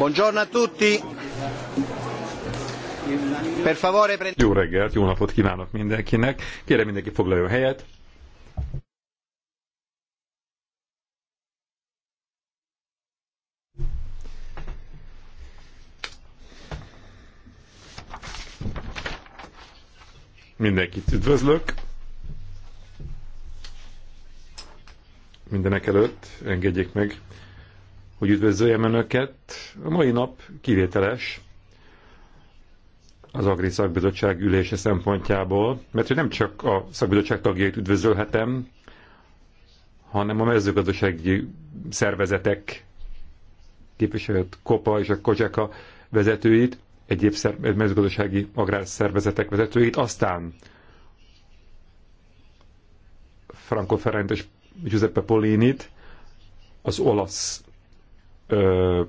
Buongiorno a tutti. Per favore pre... Jó reggelt, jó napot kívánok mindenkinek. Kérem mindenki foglaljon helyet. Mindenkit üdvözlök. Mindenek előtt engedjék meg, hogy üdvözöljem Önöket. A mai nap kivételes az Agri Szakbizottság ülése szempontjából, mert hogy nem csak a szakbizottság tagjait üdvözölhetem, hanem a mezőgazdasági szervezetek képviselőt, Kopa és a Kocseka vezetőit, egyéb mezőgazdasági agrárszervezetek vezetőit, aztán Franco Ferrent és Giuseppe Polinit, az olasz ö,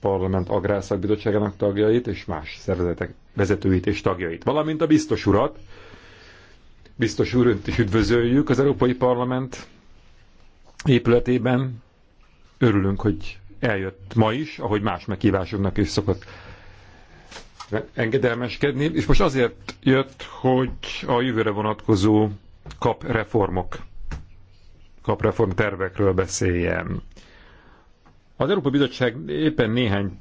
parlament agrárszakbizottságának tagjait és más szervezetek vezetőit és tagjait, valamint a biztos urat. Biztos úrönt is üdvözöljük az Európai Parlament épületében. Örülünk, hogy eljött ma is, ahogy más meghívásoknak is szokott engedelmeskedni, és most azért jött, hogy a jövőre vonatkozó kapreformok, kapreform tervekről beszéljen. Az Európai Bizottság éppen néhány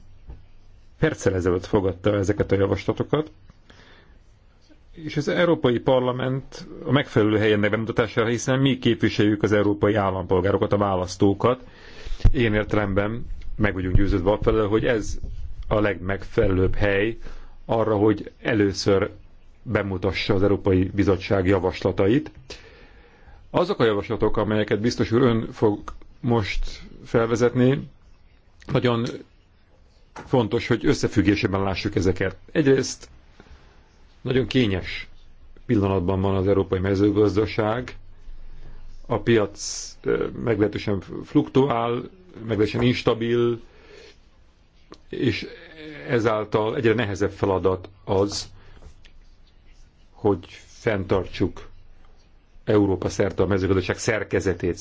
perccel ezelőtt fogadta ezeket a javaslatokat, és az Európai Parlament a megfelelő helyennek bemutatására, hiszen mi képviseljük az európai állampolgárokat, a választókat. Én értelemben meg vagyunk győződve afelől, hogy ez a legmegfelelőbb hely arra, hogy először bemutassa az Európai Bizottság javaslatait. Azok a javaslatok, amelyeket biztos úr ön fog most felvezetni, nagyon fontos, hogy összefüggésében lássuk ezeket. Egyrészt nagyon kényes pillanatban van az európai mezőgazdaság, a piac meglehetősen fluktuál, meglehetősen instabil, és ezáltal egyre nehezebb feladat az, hogy fenntartsuk Európa szerte a mezőgazdaság szerkezetét,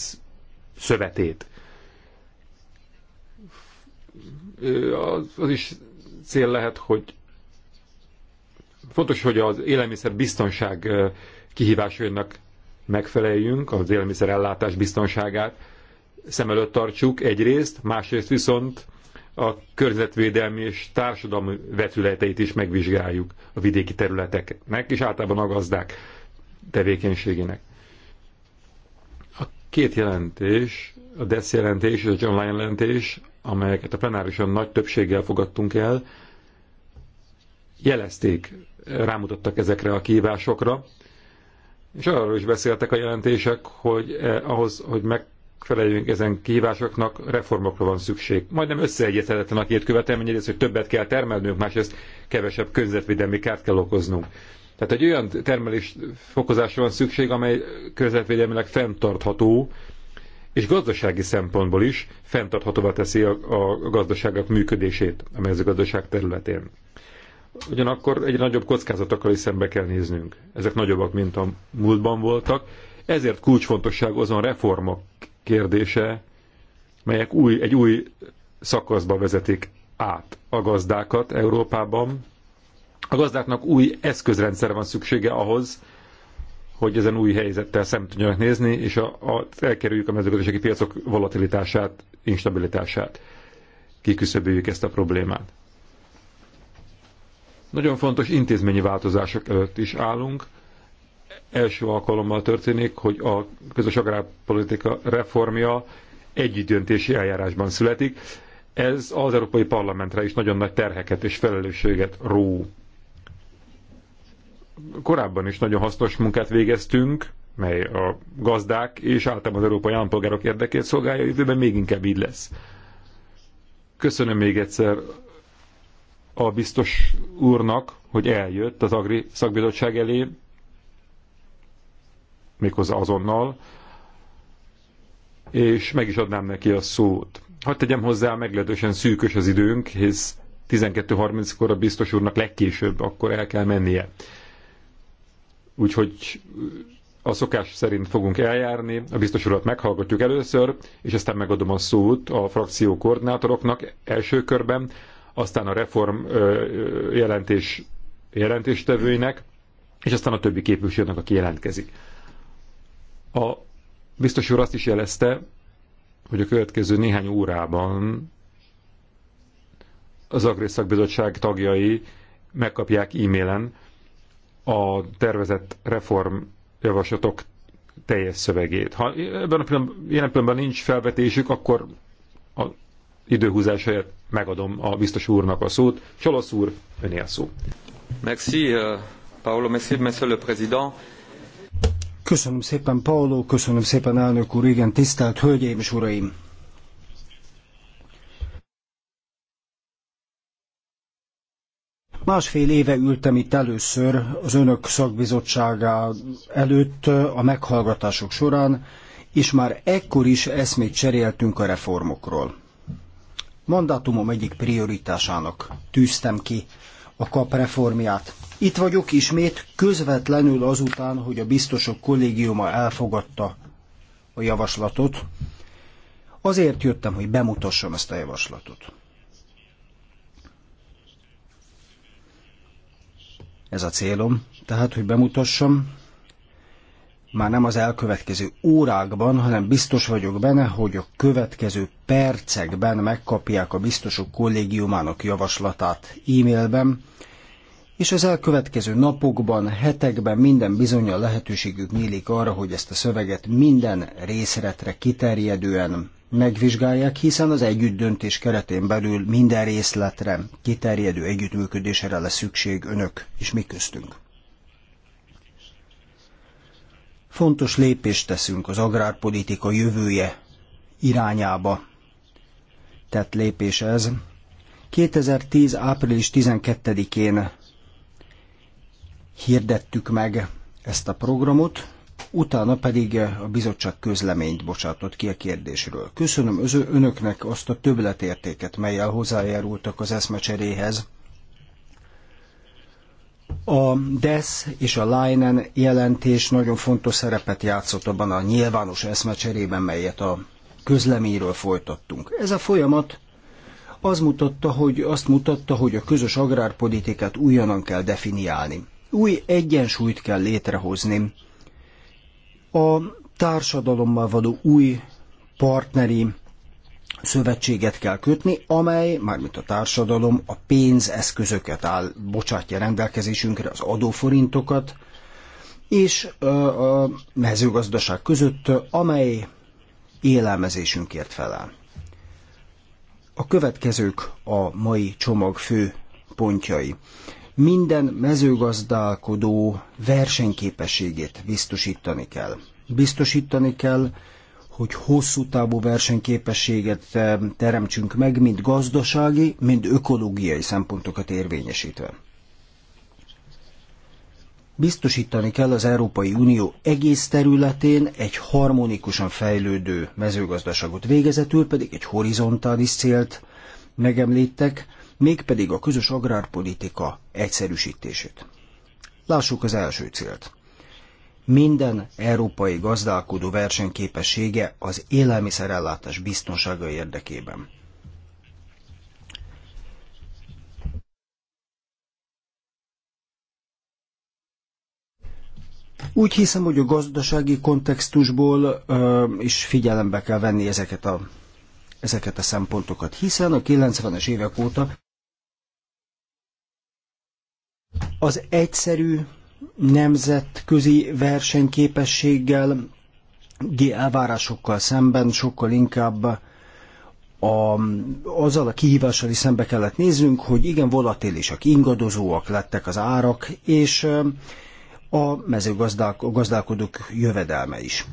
szövetét. az, az is cél lehet, hogy fontos, hogy az élelmiszer biztonság kihívásainak megfeleljünk, az élelmiszer ellátás biztonságát szem előtt tartsuk egyrészt, másrészt viszont a környezetvédelmi és társadalmi vetületeit is megvizsgáljuk a vidéki területeknek, és általában a gazdák tevékenységének. Két jelentés, a DESZ jelentés és a John Lyon jelentés, amelyeket a plenárison nagy többséggel fogadtunk el, jelezték, rámutattak ezekre a kívásokra, és arról is beszéltek a jelentések, hogy eh, ahhoz, hogy megfeleljünk ezen kívásoknak, reformokra van szükség. Majdnem összeegyezhetetlen a két követelmény, egyrészt, hogy többet kell termelnünk, másrészt kevesebb környezetvédelmi kárt kell okoznunk. Tehát egy olyan termelés fokozásra van szükség, amely környezetvédelmileg fenntartható, és gazdasági szempontból is fenntarthatóvá teszi a, a gazdaságok működését a mezőgazdaság területén. Ugyanakkor egyre nagyobb kockázatokkal is szembe kell néznünk. Ezek nagyobbak, mint a múltban voltak. Ezért kulcsfontosság azon reformok kérdése, melyek új, egy új szakaszba vezetik át a gazdákat Európában, a gazdáknak új eszközrendszerre van szüksége ahhoz, hogy ezen új helyzettel szem tudjanak nézni, és a, a, elkerüljük a mezőgazdasági piacok volatilitását, instabilitását. Kiküszöböljük ezt a problémát. Nagyon fontos intézményi változások előtt is állunk. Első alkalommal történik, hogy a közös agrárpolitika reformja együttdöntési eljárásban születik. Ez az Európai Parlamentre is nagyon nagy terheket és felelősséget ró korábban is nagyon hasznos munkát végeztünk, mely a gazdák és általában az európai állampolgárok érdekét szolgálja, jövőben még inkább így lesz. Köszönöm még egyszer a biztos úrnak, hogy eljött az Agri szakbizottság elé, méghozzá azonnal, és meg is adnám neki a szót. Hadd tegyem hozzá, meglehetősen szűkös az időnk, hisz 12.30-kor a biztos úrnak legkésőbb akkor el kell mennie. Úgyhogy a szokás szerint fogunk eljárni, a biztos urat meghallgatjuk először, és aztán megadom a szót a frakció koordinátoroknak első körben, aztán a reform jelentés jelentéstevőinek, és aztán a többi képviselőnek, aki jelentkezik. A biztos úr azt is jelezte, hogy a következő néhány órában az Agrészakbizottság tagjai megkapják e-mailen a tervezett reformjavaslatok teljes szövegét. Ha ebben a pillanatban, jelen pillanatban nincs felvetésük, akkor a időhúzás helyett megadom a biztos úrnak a szót. Csolosz úr, öné a szó. Merci, euh, Paolo, merci, monsieur le président. Köszönöm szépen, Paolo, köszönöm szépen, elnök úr, igen, tisztelt hölgyeim és uraim! Másfél éve ültem itt először az önök szakbizottságá előtt a meghallgatások során, és már ekkor is eszmét cseréltünk a reformokról. Mandátumom egyik prioritásának tűztem ki a kap reformját. Itt vagyok ismét közvetlenül azután, hogy a biztosok kollégiuma elfogadta a javaslatot. Azért jöttem, hogy bemutassam ezt a javaslatot. Ez a célom, tehát, hogy bemutassam, már nem az elkövetkező órákban, hanem biztos vagyok benne, hogy a következő percekben megkapják a biztosok kollégiumának javaslatát e-mailben, és az elkövetkező napokban, hetekben minden a lehetőségük nyílik arra, hogy ezt a szöveget minden részletre kiterjedően megvizsgálják, hiszen az együttdöntés keretén belül minden részletre kiterjedő együttműködésre lesz szükség önök és mi köztünk. Fontos lépést teszünk az agrárpolitika jövője irányába. Tett lépés ez. 2010. április 12-én hirdettük meg ezt a programot, utána pedig a bizottság közleményt bocsátott ki a kérdésről. Köszönöm önöknek azt a többletértéket, melyel hozzájárultak az eszmecseréhez. A DESZ és a Leinen jelentés nagyon fontos szerepet játszott abban a nyilvános eszmecserében, melyet a közleményről folytattunk. Ez a folyamat az mutatta, hogy azt mutatta, hogy a közös agrárpolitikát újonnan kell definiálni. Új egyensúlyt kell létrehozni a társadalommal való új partneri szövetséget kell kötni, amely, mármint a társadalom, a pénzeszközöket áll, bocsátja rendelkezésünkre, az adóforintokat, és a mezőgazdaság között, amely élelmezésünkért felel. A következők a mai csomag fő pontjai minden mezőgazdálkodó versenyképességét biztosítani kell. Biztosítani kell, hogy hosszú távú versenyképességet eh, teremtsünk meg, mind gazdasági, mind ökológiai szempontokat érvényesítve. Biztosítani kell az Európai Unió egész területén egy harmonikusan fejlődő mezőgazdaságot végezetül, pedig egy horizontális célt megemlítek, mégpedig a közös agrárpolitika egyszerűsítését. Lássuk az első célt. Minden európai gazdálkodó versenyképessége az élelmiszerellátás biztonsága érdekében. Úgy hiszem, hogy a gazdasági kontextusból ö, is figyelembe kell venni ezeket a, ezeket a szempontokat, hiszen a 90-es évek óta az egyszerű nemzetközi versenyképességgel, elvárásokkal szemben sokkal inkább a, azzal a kihívással is szembe kellett néznünk, hogy igen volatilisak, ingadozóak lettek az árak, és a mezőgazdálkodók jövedelme is.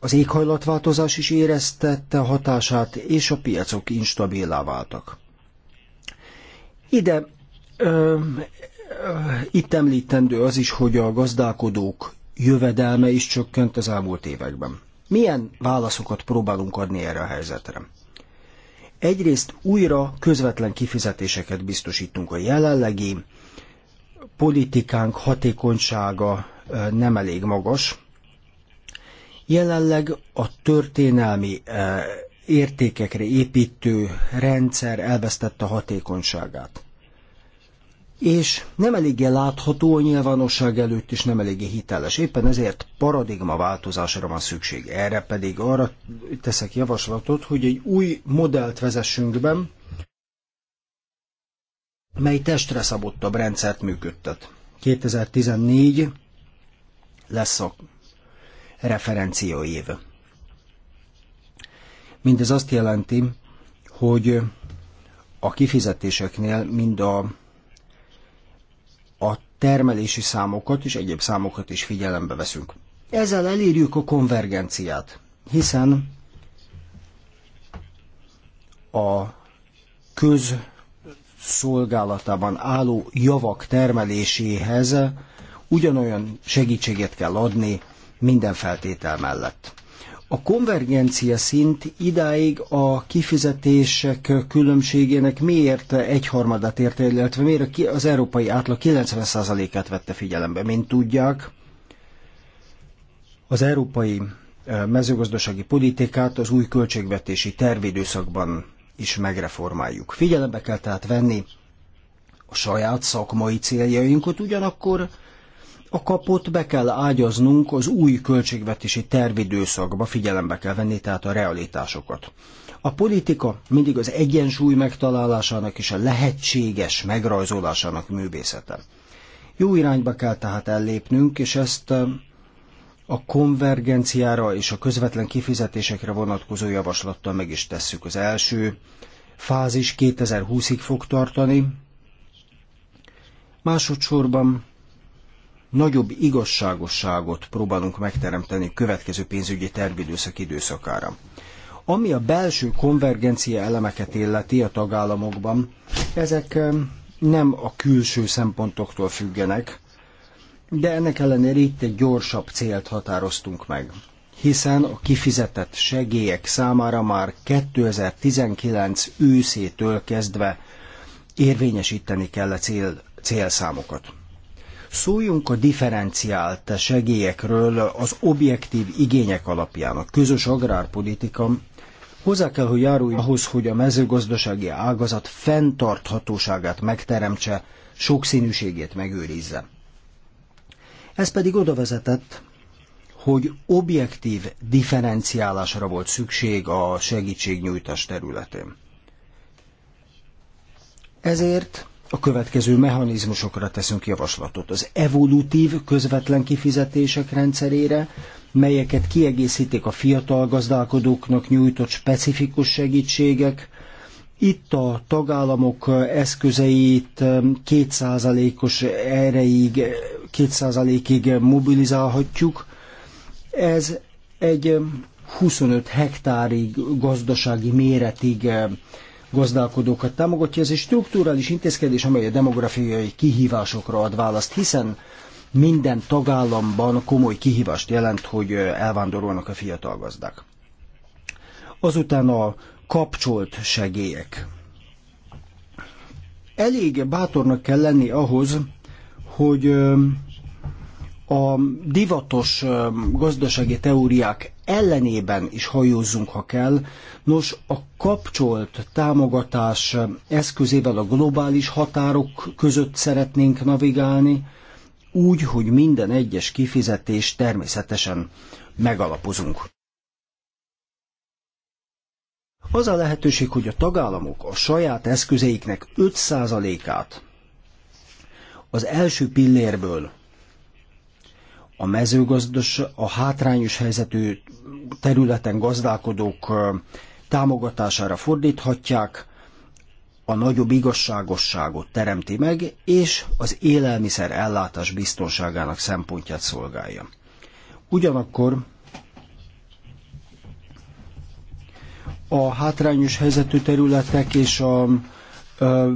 Az éghajlatváltozás is éreztette hatását, és a piacok instabilá váltak. Ide itt említendő az is, hogy a gazdálkodók jövedelme is csökkent az elmúlt években. Milyen válaszokat próbálunk adni erre a helyzetre? Egyrészt újra közvetlen kifizetéseket biztosítunk a jelenlegi, politikánk hatékonysága nem elég magas. Jelenleg a történelmi értékekre építő rendszer elvesztette hatékonyságát és nem eléggé látható a nyilvánosság előtt, és nem eléggé hiteles. Éppen ezért változásra van szükség. Erre pedig arra teszek javaslatot, hogy egy új modellt vezessünk be, mely testre szabottabb rendszert működtet. 2014 lesz a referenció év. Mindez azt jelenti, hogy a kifizetéseknél, mind a termelési számokat és egyéb számokat is figyelembe veszünk. Ezzel elérjük a konvergenciát, hiszen a köz szolgálatában álló javak termeléséhez ugyanolyan segítséget kell adni minden feltétel mellett. A konvergencia szint idáig a kifizetések különbségének miért egyharmadát érte, illetve miért az európai átlag 90%-át vette figyelembe, mint tudják. Az európai eh, mezőgazdasági politikát az új költségvetési tervidőszakban is megreformáljuk. Figyelembe kell tehát venni a saját szakmai céljainkat, ugyanakkor a kapot be kell ágyaznunk az új költségvetési tervidőszakba, figyelembe kell venni tehát a realitásokat. A politika mindig az egyensúly megtalálásának és a lehetséges megrajzolásának művészete. Jó irányba kell tehát ellépnünk, és ezt a konvergenciára és a közvetlen kifizetésekre vonatkozó javaslattal meg is tesszük. Az első fázis 2020-ig fog tartani. Másodszorban nagyobb igazságosságot próbálunk megteremteni a következő pénzügyi tervidőszak időszakára. Ami a belső konvergencia elemeket illeti a tagállamokban, ezek nem a külső szempontoktól függenek, de ennek ellenére itt egy gyorsabb célt határoztunk meg hiszen a kifizetett segélyek számára már 2019 őszétől kezdve érvényesíteni kell a cél, célszámokat. Szóljunk a differenciált segélyekről az objektív igények alapján. A közös agrárpolitika hozzá kell, hogy járuljon ahhoz, hogy a mezőgazdasági ágazat fenntarthatóságát megteremtse, sokszínűségét megőrizze. Ez pedig oda vezetett, hogy objektív differenciálásra volt szükség a segítségnyújtás területén. Ezért a következő mechanizmusokra teszünk javaslatot. Az evolutív közvetlen kifizetések rendszerére, melyeket kiegészítik a fiatal gazdálkodóknak nyújtott specifikus segítségek, itt a tagállamok eszközeit 2%-os erejéig, 2%-ig mobilizálhatjuk. Ez egy 25 hektárig gazdasági méretig gazdálkodókat támogatja. Ez egy struktúrális intézkedés, amely a demográfiai kihívásokra ad választ, hiszen minden tagállamban komoly kihívást jelent, hogy elvándorolnak a fiatal gazdák. Azután a kapcsolt segélyek. Elég bátornak kell lenni ahhoz, hogy a divatos gazdasági teóriák ellenében is hajózzunk, ha kell. Nos, a kapcsolt támogatás eszközével a globális határok között szeretnénk navigálni, úgy, hogy minden egyes kifizetés természetesen megalapozunk. Az a lehetőség, hogy a tagállamok a saját eszközeiknek 5%-át az első pillérből a mezőgazdas, a hátrányos helyzetű területen gazdálkodók támogatására fordíthatják, a nagyobb igazságosságot teremti meg, és az élelmiszer ellátás biztonságának szempontját szolgálja. Ugyanakkor a hátrányos helyzetű területek és a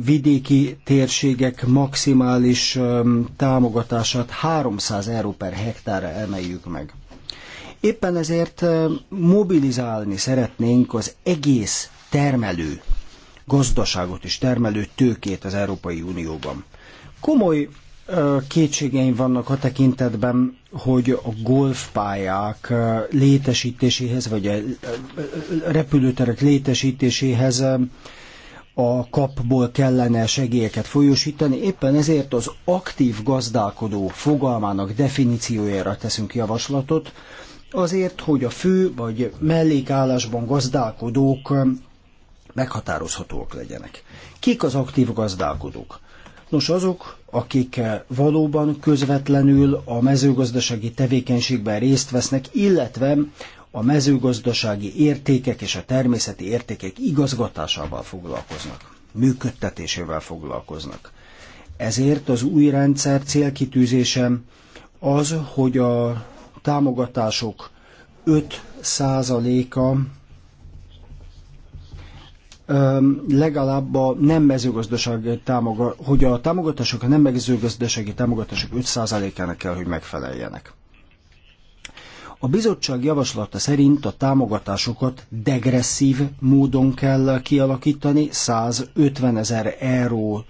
vidéki térségek maximális támogatását 300 euró per hektárra emeljük meg. Éppen ezért mobilizálni szeretnénk az egész termelő gazdaságot és termelő tőkét az Európai Unióban. Komoly kétségeim vannak a tekintetben, hogy a golfpályák létesítéséhez, vagy a repülőterek létesítéséhez a kapból kellene segélyeket folyósítani, éppen ezért az aktív gazdálkodó fogalmának definíciójára teszünk javaslatot, azért, hogy a fő vagy mellékállásban gazdálkodók meghatározhatóak legyenek. Kik az aktív gazdálkodók? Nos, azok, akik valóban közvetlenül a mezőgazdasági tevékenységben részt vesznek, illetve a mezőgazdasági értékek és a természeti értékek igazgatásával foglalkoznak, működtetésével foglalkoznak. Ezért az új rendszer célkitűzése az, hogy a támogatások 5%-a legalább a nem mezőgazdasági támogatások, hogy a támogatások a nem mezőgazdasági támogatások 5%-ának kell, hogy megfeleljenek. A bizottság javaslata szerint a támogatásokat degresszív módon kell kialakítani, 150 ezer euró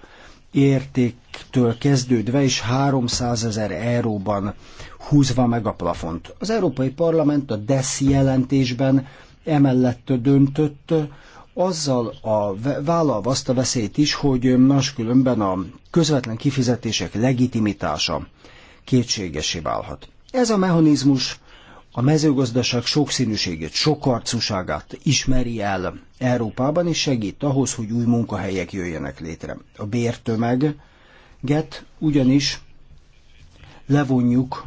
értéktől kezdődve és 300 ezer euróban húzva meg a plafont. Az Európai Parlament a DESZ jelentésben emellett döntött, azzal a, vállalva azt a veszélyt is, hogy máskülönben a közvetlen kifizetések legitimitása kétségesé válhat. Ez a mechanizmus a mezőgazdaság sokszínűségét, sokarcúságát ismeri el Európában, és segít ahhoz, hogy új munkahelyek jöjjenek létre. A bértömeget ugyanis levonjuk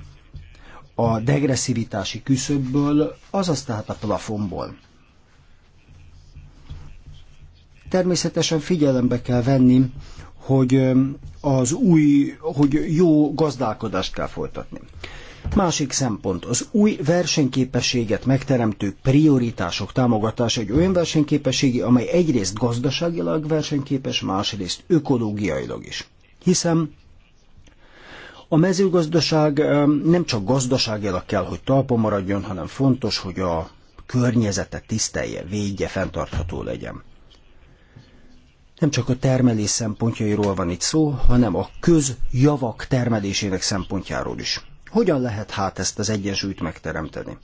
a degresszivitási küszöbből, azaz tehát a plafonból. Természetesen figyelembe kell venni, hogy az új, hogy jó gazdálkodást kell folytatni. Másik szempont, az új versenyképességet megteremtő prioritások támogatása egy olyan versenyképességi, amely egyrészt gazdaságilag versenyképes, másrészt ökológiailag is. Hiszen a mezőgazdaság nem csak gazdaságilag kell, hogy talpon maradjon, hanem fontos, hogy a környezete tisztelje, védje, fenntartható legyen. Nem csak a termelés szempontjairól van itt szó, hanem a közjavak termelésének szempontjáról is. Hogyan lehet hát ezt az egyensúlyt megteremteni?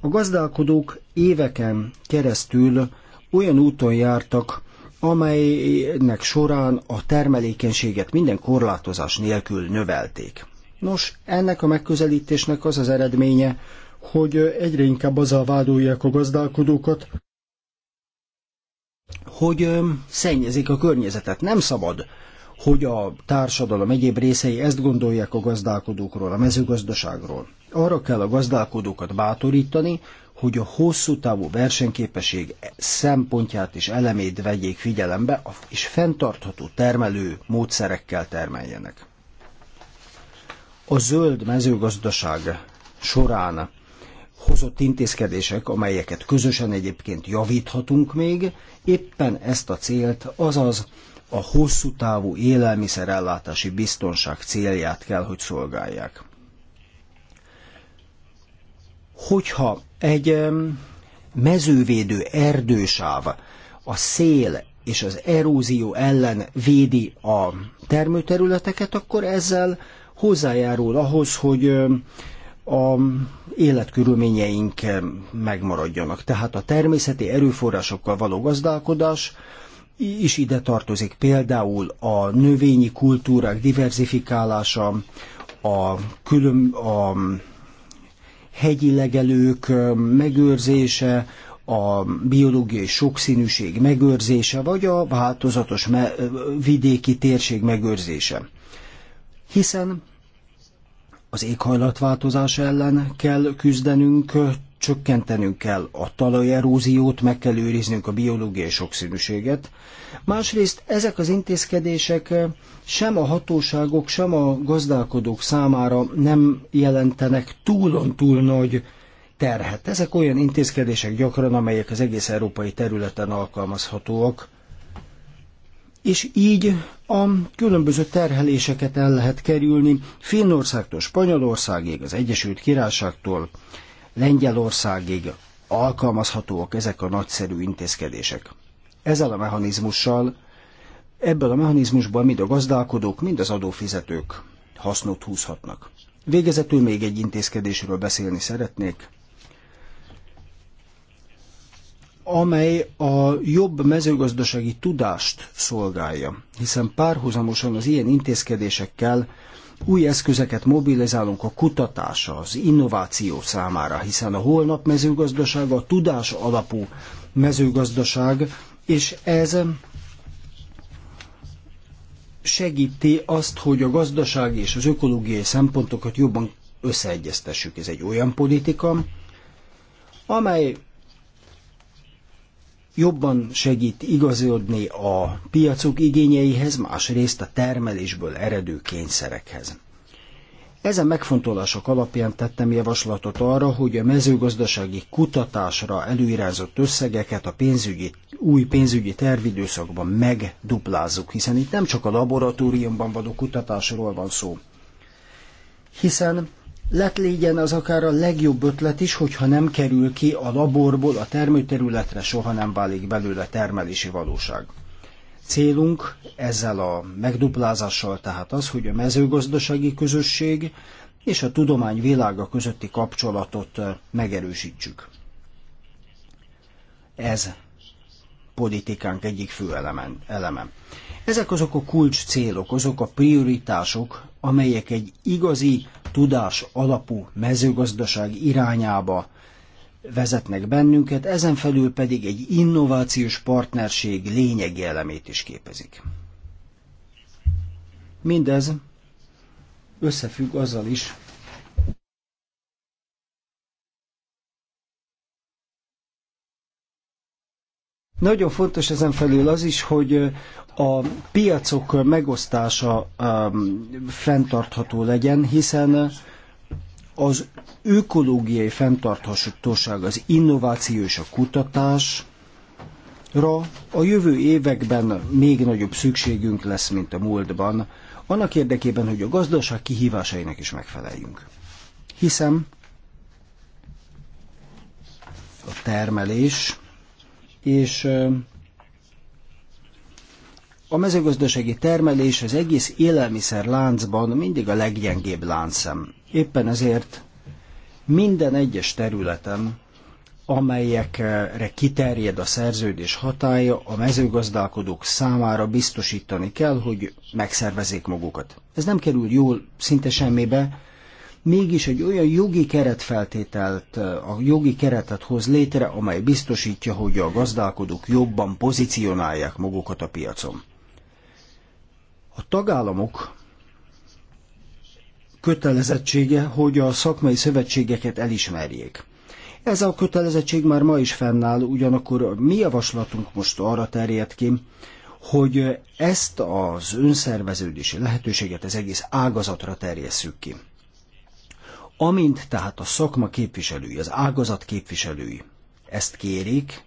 A gazdálkodók éveken keresztül olyan úton jártak, amelynek során a termelékenységet minden korlátozás nélkül növelték. Nos, ennek a megközelítésnek az az eredménye, hogy egyre inkább azzal vádolják a gazdálkodókat, hogy szennyezik a környezetet. Nem szabad hogy a társadalom egyéb részei ezt gondolják a gazdálkodókról, a mezőgazdaságról. Arra kell a gazdálkodókat bátorítani, hogy a hosszú távú versenyképesség szempontját és elemét vegyék figyelembe, és fenntartható termelő módszerekkel termeljenek. A zöld mezőgazdaság során hozott intézkedések, amelyeket közösen egyébként javíthatunk még, éppen ezt a célt, azaz a hosszú távú élelmiszerellátási biztonság célját kell, hogy szolgálják. Hogyha egy mezővédő erdősáv a szél és az erózió ellen védi a termőterületeket, akkor ezzel hozzájárul ahhoz, hogy a életkörülményeink megmaradjanak. Tehát a természeti erőforrásokkal való gazdálkodás is ide tartozik. Például a növényi kultúrák diversifikálása, a, külön, a hegyi legelők megőrzése, a biológiai sokszínűség megőrzése, vagy a változatos vidéki térség megőrzése. Hiszen az éghajlatváltozás ellen kell küzdenünk, csökkentenünk kell a talajeróziót, meg kell őriznünk a biológiai sokszínűséget. Másrészt ezek az intézkedések eh, sem a hatóságok, sem a gazdálkodók számára nem jelentenek túlon-túl nagy terhet. Ezek olyan intézkedések gyakran, amelyek az egész európai területen alkalmazhatóak és így a különböző terheléseket el lehet kerülni Finnországtól, Spanyolországig, az Egyesült Királyságtól, Lengyelországig alkalmazhatóak ezek a nagyszerű intézkedések. Ezzel a mechanizmussal, ebből a mechanizmusból mind a gazdálkodók, mind az adófizetők hasznot húzhatnak. Végezetül még egy intézkedésről beszélni szeretnék, amely a jobb mezőgazdasági tudást szolgálja, hiszen párhuzamosan az ilyen intézkedésekkel új eszközeket mobilizálunk a kutatás, az innováció számára, hiszen a holnap mezőgazdasága a tudás alapú mezőgazdaság, és ez segíti azt, hogy a gazdasági és az ökológiai szempontokat jobban összeegyeztessük. Ez egy olyan politika, amely jobban segít igazodni a piacok igényeihez, másrészt a termelésből eredő kényszerekhez. Ezen megfontolások alapján tettem javaslatot arra, hogy a mezőgazdasági kutatásra előirányzott összegeket a pénzügyi, új pénzügyi tervidőszakban megduplázzuk, hiszen itt nem csak a laboratóriumban való kutatásról van szó, hiszen lett legyen az akár a legjobb ötlet is, hogyha nem kerül ki a laborból a termőterületre, soha nem válik belőle termelési valóság. Célunk ezzel a megduplázással tehát az, hogy a mezőgazdasági közösség és a tudomány világa közötti kapcsolatot megerősítsük. Ez politikánk egyik fő eleme. Ezek azok a kulcs célok, azok a prioritások, amelyek egy igazi tudás alapú mezőgazdaság irányába vezetnek bennünket, ezen felül pedig egy innovációs partnerség lényegi elemét is képezik. Mindez összefügg azzal is, Nagyon fontos ezen felül az is, hogy a piacok megosztása um, fenntartható legyen, hiszen az ökológiai fenntarthatóság, az innováció és a kutatásra a jövő években még nagyobb szükségünk lesz, mint a múltban, annak érdekében, hogy a gazdaság kihívásainak is megfeleljünk. Hiszem, a termelés és um, a mezőgazdasági termelés az egész élelmiszer láncban mindig a leggyengébb láncszem. Éppen ezért minden egyes területen, amelyekre kiterjed a szerződés hatája, a mezőgazdálkodók számára biztosítani kell, hogy megszervezzék magukat. Ez nem kerül jól szinte semmibe, mégis egy olyan jogi keretfeltételt, a jogi keretet hoz létre, amely biztosítja, hogy a gazdálkodók jobban pozícionálják magukat a piacon. A tagállamok kötelezettsége, hogy a szakmai szövetségeket elismerjék. Ez a kötelezettség már ma is fennáll, ugyanakkor a mi javaslatunk most arra terjed ki, hogy ezt az önszerveződési lehetőséget az egész ágazatra terjesszük ki. Amint tehát a szakma képviselői, az ágazat képviselői ezt kérik,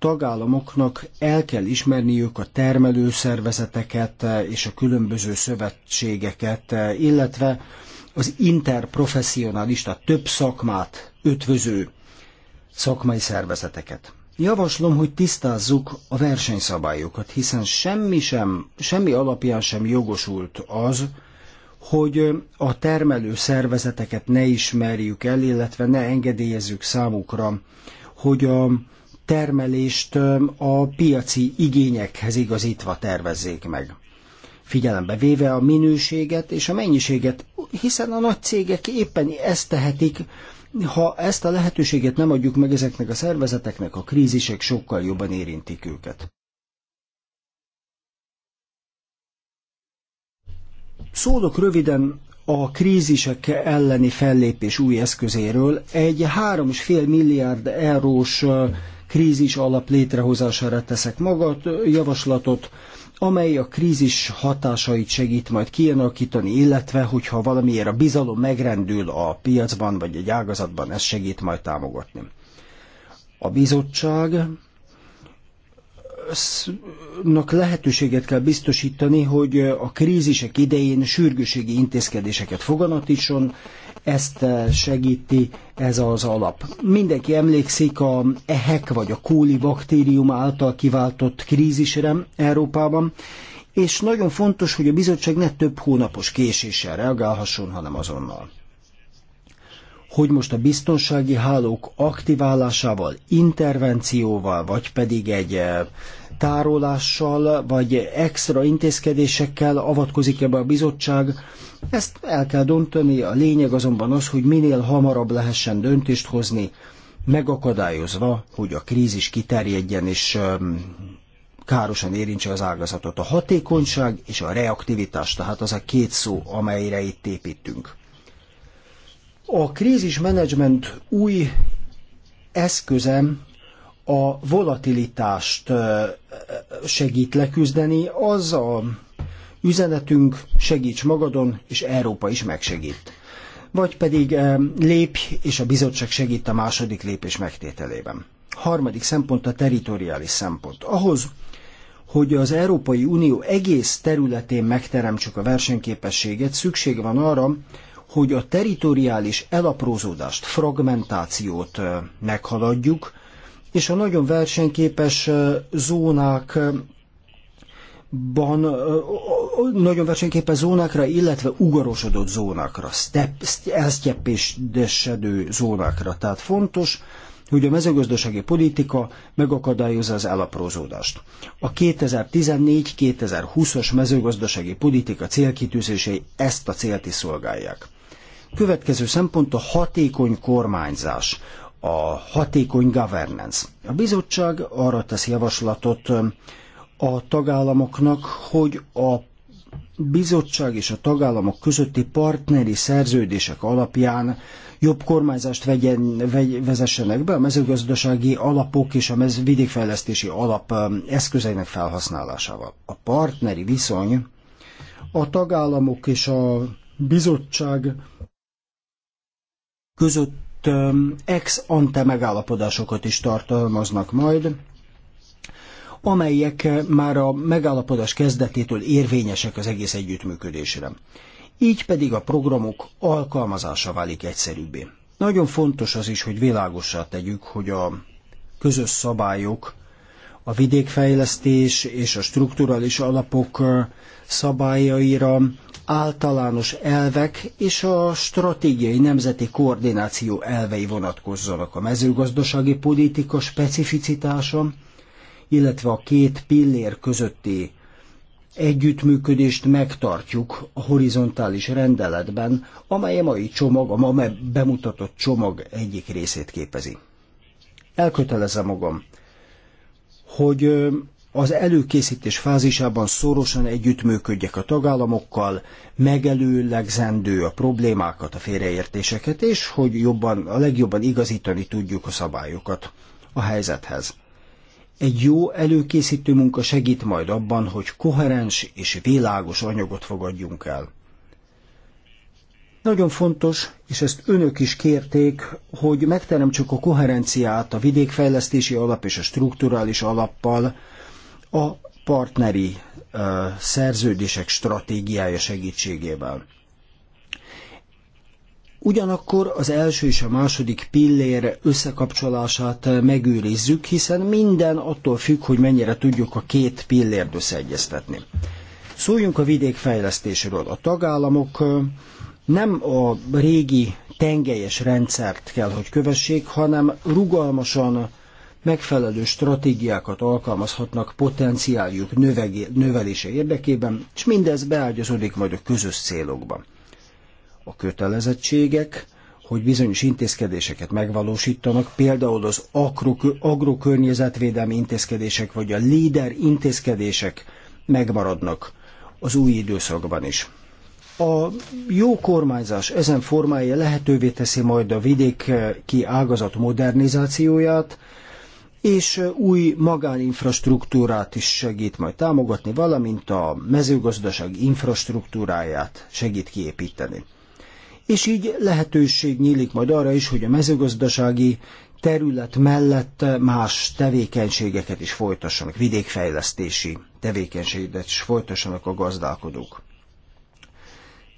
tagállamoknak el kell ismerniük a termelőszervezeteket eh, és a különböző szövetségeket, eh, illetve az interprofessionális, tehát több szakmát ötvöző szakmai szervezeteket. Javaslom, hogy tisztázzuk a versenyszabályokat, hiszen semmi, sem, semmi alapján sem jogosult az, hogy a termelő szervezeteket ne ismerjük el, illetve ne engedélyezzük számukra, hogy a termelést a piaci igényekhez igazítva tervezzék meg. Figyelembe véve a minőséget és a mennyiséget, hiszen a nagy cégek éppen ezt tehetik, ha ezt a lehetőséget nem adjuk meg ezeknek a szervezeteknek, a krízisek sokkal jobban érintik őket. Szólok röviden a krízisek elleni fellépés új eszközéről. Egy 3,5 milliárd eurós krízis alap létrehozására teszek magat javaslatot, amely a krízis hatásait segít majd kialakítani, illetve hogyha valamiért a bizalom megrendül a piacban vagy egy ágazatban, ez segít majd támogatni. A bizottság lehetőséget kell biztosítani, hogy a krízisek idején sürgőségi intézkedéseket foganatítson, ezt segíti ez az alap. Mindenki emlékszik a EHEC vagy a kóli baktérium által kiváltott krízisre Európában, és nagyon fontos, hogy a bizottság ne több hónapos késéssel reagálhasson, hanem azonnal hogy most a biztonsági hálók aktiválásával, intervencióval, vagy pedig egy eh, tárolással, vagy extra intézkedésekkel avatkozik ebbe a bizottság. Ezt el kell dönteni, a lényeg azonban az, hogy minél hamarabb lehessen döntést hozni, megakadályozva, hogy a krízis kiterjedjen és károsan érintse az ágazatot. A hatékonyság és a reaktivitás, tehát az a két szó, amelyre itt építünk. A krízismenedzsment új eszköze, a volatilitást segít leküzdeni, az a üzenetünk segíts magadon, és Európa is megsegít. Vagy pedig lépj, és a bizottság segít a második lépés megtételében. Harmadik szempont a teritoriális szempont. Ahhoz, hogy az Európai Unió egész területén megteremtsük a versenyképességet, szükség van arra, hogy a teritoriális elaprózódást, fragmentációt meghaladjuk, és a nagyon versenyképes zónák ban nagyon versenyképes zónákra, illetve ugarosodott zónákra, elsztyeppésedő zónákra. Tehát fontos, hogy a mezőgazdasági politika megakadályozza az elaprózódást. A 2014-2020-as mezőgazdasági politika célkitűzései ezt a célt is szolgálják. Következő szempont a hatékony kormányzás, a hatékony governance. A bizottság arra tesz javaslatot a tagállamoknak, hogy a bizottság és a tagállamok közötti partneri szerződések alapján jobb kormányzást vegyen, vegy, vezessenek be a mezőgazdasági alapok és a mez, vidékfejlesztési alap eszközeinek felhasználásával. A partneri viszony a tagállamok és a bizottság között ex ante megállapodásokat is tartalmaznak majd, amelyek már a megállapodás kezdetétől érvényesek az egész együttműködésre. Így pedig a programok alkalmazása válik egyszerűbbé. Nagyon fontos az is, hogy világossá tegyük, hogy a közös szabályok a vidékfejlesztés és a strukturális alapok szabályaira általános elvek és a stratégiai nemzeti koordináció elvei vonatkozzanak. A mezőgazdasági politika specificitása, illetve a két pillér közötti együttműködést megtartjuk a horizontális rendeletben, amely a mai csomag, a ma bemutatott csomag egyik részét képezi. Elkötelezem magam, hogy az előkészítés fázisában szorosan együttműködjek a tagállamokkal, megelőlegzendő a problémákat, a félreértéseket, és hogy jobban, a legjobban igazítani tudjuk a szabályokat a helyzethez. Egy jó előkészítő munka segít majd abban, hogy koherens és világos anyagot fogadjunk el. Nagyon fontos, és ezt önök is kérték, hogy megteremtsük a koherenciát a vidékfejlesztési alap és a strukturális alappal, a partneri szerződések stratégiája segítségével. Ugyanakkor az első és a második pillér összekapcsolását megőrizzük, hiszen minden attól függ, hogy mennyire tudjuk a két pillért összeegyeztetni. Szóljunk a vidékfejlesztésről. A tagállamok nem a régi tengelyes rendszert kell, hogy kövessék, hanem rugalmasan megfelelő stratégiákat alkalmazhatnak potenciáljuk növegé, növelése érdekében, és mindez beágyazódik majd a közös célokba. A kötelezettségek, hogy bizonyos intézkedéseket megvalósítanak, például az agrokörnyezetvédelmi intézkedések vagy a líder intézkedések megmaradnak az új időszakban is. A jó kormányzás ezen formája lehetővé teszi majd a vidéki ágazat modernizációját, és új magáninfrastruktúrát is segít majd támogatni, valamint a mezőgazdaság infrastruktúráját segít kiépíteni. És így lehetőség nyílik majd arra is, hogy a mezőgazdasági terület mellett más tevékenységeket is folytassanak, vidékfejlesztési tevékenységet is folytassanak a gazdálkodók.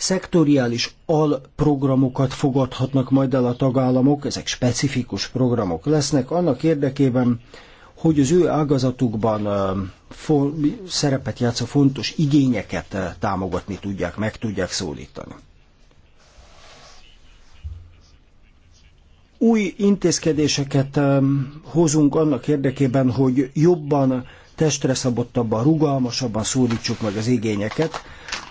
Szektoriális alprogramokat fogadhatnak majd el a tagállamok, ezek specifikus programok lesznek, annak érdekében, hogy az ő ágazatukban szerepet játszó fontos igényeket támogatni tudják, meg tudják szólítani. Új intézkedéseket hozunk annak érdekében, hogy jobban, testre szabottabban, rugalmasabban szólítsuk meg az igényeket.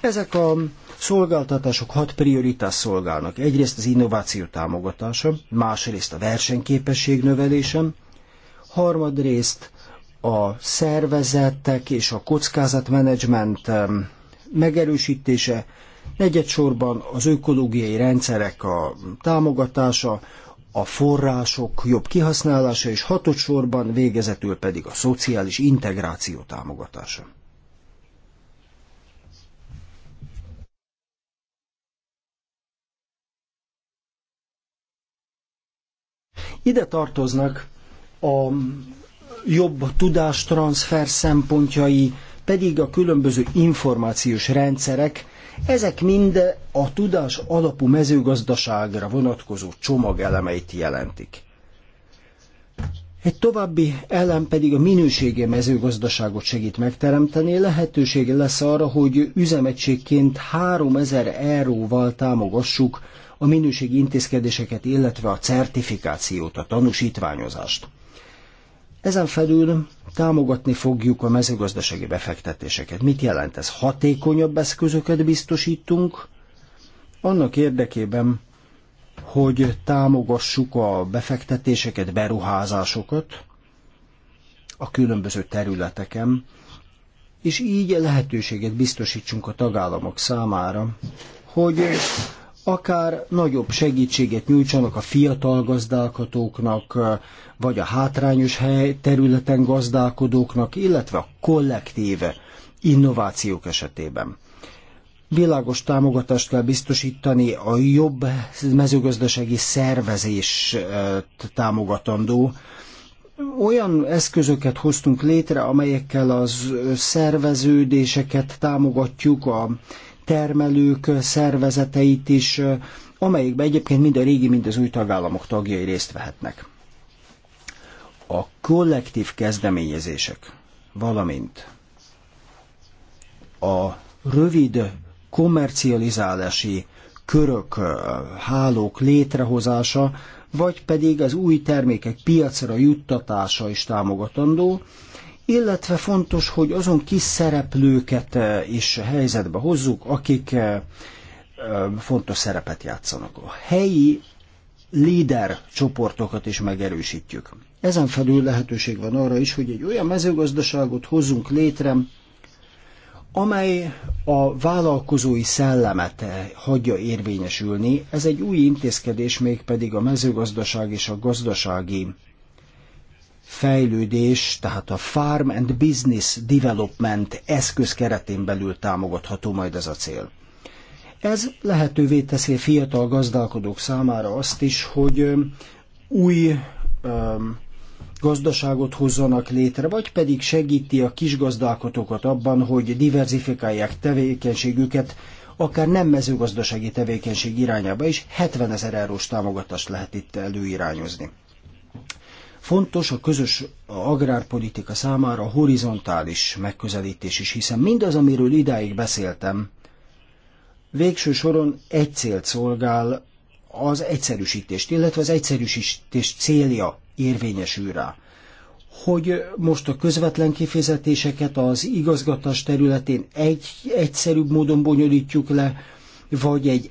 Ezek a szolgáltatások hat prioritás szolgálnak. Egyrészt az innováció támogatása, másrészt a versenyképesség növelése, harmadrészt a szervezetek és a kockázatmenedzsment megerősítése, negyedsorban az ökológiai rendszerek a támogatása, a források jobb kihasználása, és hatodsorban végezetül pedig a szociális integráció támogatása. Ide tartoznak a jobb tudástranszfer szempontjai, pedig a különböző információs rendszerek, ezek mind a tudás alapú mezőgazdaságra vonatkozó csomagelemeit jelentik. Egy további elem pedig a minőségi mezőgazdaságot segít megteremteni, lehetősége lesz arra, hogy üzemegységként 3000 euróval támogassuk a minőségi intézkedéseket, illetve a certifikációt, a tanúsítványozást. Ezen felül támogatni fogjuk a mezőgazdasági befektetéseket. Mit jelent ez? Hatékonyabb eszközöket biztosítunk annak érdekében, hogy támogassuk a befektetéseket, beruházásokat a különböző területeken, és így lehetőséget biztosítsunk a tagállamok számára, hogy akár nagyobb segítséget nyújtsanak a fiatal gazdálkodóknak, vagy a hátrányos hely területen gazdálkodóknak, illetve a kollektíve innovációk esetében. Világos támogatást kell biztosítani a jobb mezőgazdasági szervezés e, támogatandó. Olyan eszközöket hoztunk létre, amelyekkel az szerveződéseket támogatjuk, a termelők szervezeteit is, amelyikben egyébként mind a régi, mind az új tagállamok tagjai részt vehetnek. A kollektív kezdeményezések, valamint a rövid komercializálási körök, hálók létrehozása, vagy pedig az új termékek piacra juttatása is támogatandó, illetve fontos, hogy azon kis szereplőket eh, is helyzetbe hozzuk, akik eh, eh, fontos szerepet játszanak. A helyi líder csoportokat is megerősítjük. Ezen felül lehetőség van arra is, hogy egy olyan mezőgazdaságot hozzunk létre, amely a vállalkozói szellemet hagyja érvényesülni. Ez egy új intézkedés, mégpedig a mezőgazdaság és a gazdasági fejlődés, tehát a Farm and Business Development eszköz keretén belül támogatható majd ez a cél. Ez lehetővé teszi a fiatal gazdálkodók számára azt is, hogy új um, gazdaságot hozzanak létre, vagy pedig segíti a kisgazdálkodókat abban, hogy diversifikálják tevékenységüket, akár nem mezőgazdasági tevékenység irányába is 70 ezer eurós támogatást lehet itt előirányozni. Fontos a közös agrárpolitika számára a horizontális megközelítés is, hiszen mindaz, amiről idáig beszéltem, végső soron egy célt szolgál, az egyszerűsítést, illetve az egyszerűsítés célja érvényesül rá hogy most a közvetlen kifizetéseket az igazgatás területén egy egyszerűbb módon bonyolítjuk le, vagy egy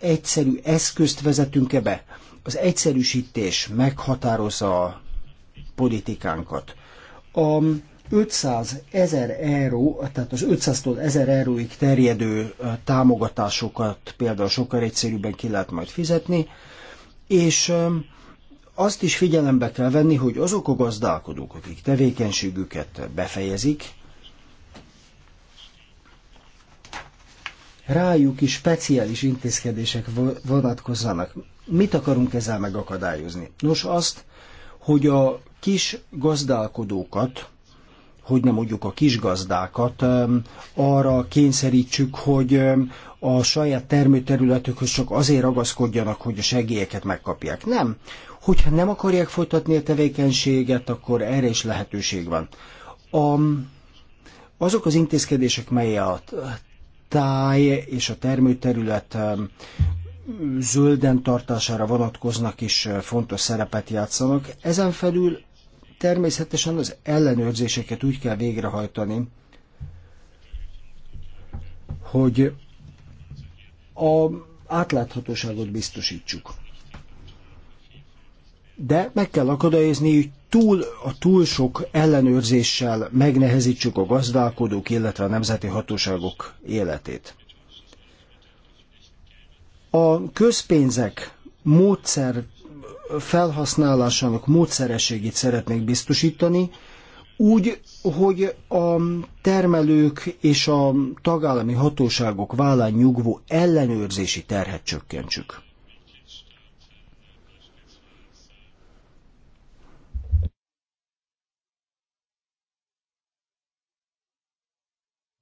egyszerű eszközt vezetünk ebbe, az egyszerűsítés meghatározza a politikánkat. A 500 ezer euró, tehát az 500-tól 1000 euróig terjedő támogatásokat például sokkal egyszerűbben ki lehet majd fizetni, és azt is figyelembe kell venni, hogy azok a gazdálkodók, akik tevékenységüket befejezik, rájuk is speciális intézkedések vonatkozzanak. Mit akarunk ezzel megakadályozni? Nos, azt, hogy a kis gazdálkodókat, hogy nem mondjuk a kis gazdákat, arra kényszerítsük, hogy a saját termőterületükhöz csak azért ragaszkodjanak, hogy a segélyeket megkapják. Nem. Hogyha nem akarják folytatni a tevékenységet, akkor erre is lehetőség van. A, azok az intézkedések, mely a táj és a termőterület zölden tartására vonatkoznak és fontos szerepet játszanak. Ezen felül természetesen az ellenőrzéseket úgy kell végrehajtani, hogy a átláthatóságot biztosítsuk. De meg kell akadályozni, hogy túl, a túl sok ellenőrzéssel megnehezítsük a gazdálkodók, illetve a nemzeti hatóságok életét. A közpénzek módszer felhasználásának módszerességét szeretnék biztosítani, úgy, hogy a termelők és a tagállami hatóságok vállán nyugvó ellenőrzési terhet csökkentsük.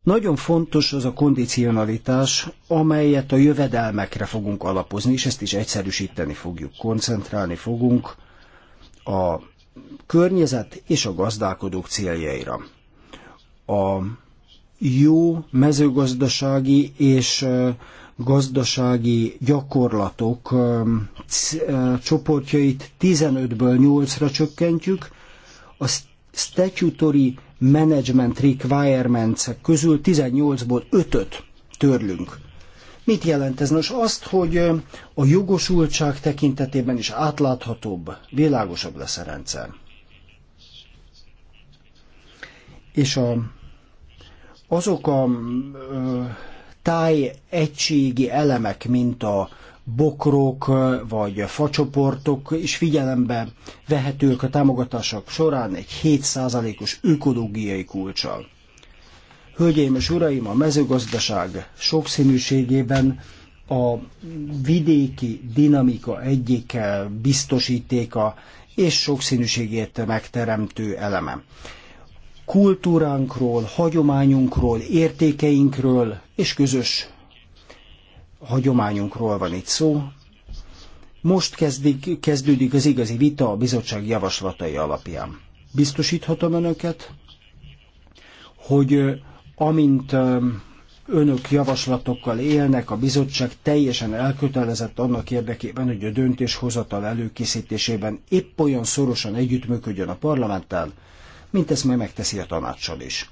Nagyon fontos az a kondicionalitás, amelyet a jövedelmekre fogunk alapozni, és ezt is egyszerűsíteni fogjuk, koncentrálni fogunk a környezet és a gazdálkodók céljaira. A jó mezőgazdasági és gazdasági gyakorlatok csoportjait 15-ből 8-ra csökkentjük, a statutory management requirements közül 18-ból 5-öt törlünk. Mit jelent ez? Nos, azt, hogy a jogosultság tekintetében is átláthatóbb, világosabb lesz a rendszer. És a, azok a ö, tájegységi elemek, mint a bokrok vagy facsoportok is figyelembe vehetők a támogatások során egy 7%-os ökológiai kulcsal. Hölgyeim és uraim, a mezőgazdaság sokszínűségében a vidéki dinamika egyik biztosítéka és sokszínűségét megteremtő eleme kultúránkról, hagyományunkról, értékeinkről és közös hagyományunkról van itt szó. Most kezdik, kezdődik az igazi vita a bizottság javaslatai alapján. Biztosíthatom önöket, hogy amint önök javaslatokkal élnek, a bizottság teljesen elkötelezett annak érdekében, hogy a döntéshozatal előkészítésében épp olyan szorosan együttműködjön a parlamenttel, mint ezt majd megteszi a tanácsal is.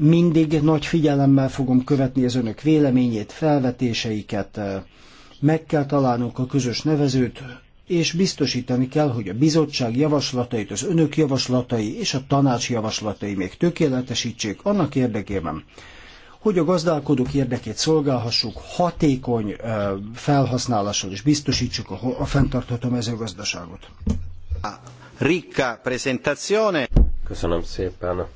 Mindig nagy figyelemmel fogom követni az önök véleményét, felvetéseiket, meg kell találnunk a közös nevezőt, és biztosítani kell, hogy a bizottság javaslatait, az önök javaslatai és a tanács javaslatai még tökéletesítsék annak érdekében, hogy a gazdálkodók érdekét szolgálhassuk, hatékony felhasználással is biztosítsuk a, a fenntartható mezőgazdaságot. Ricca presentazione. Köszönöm szépen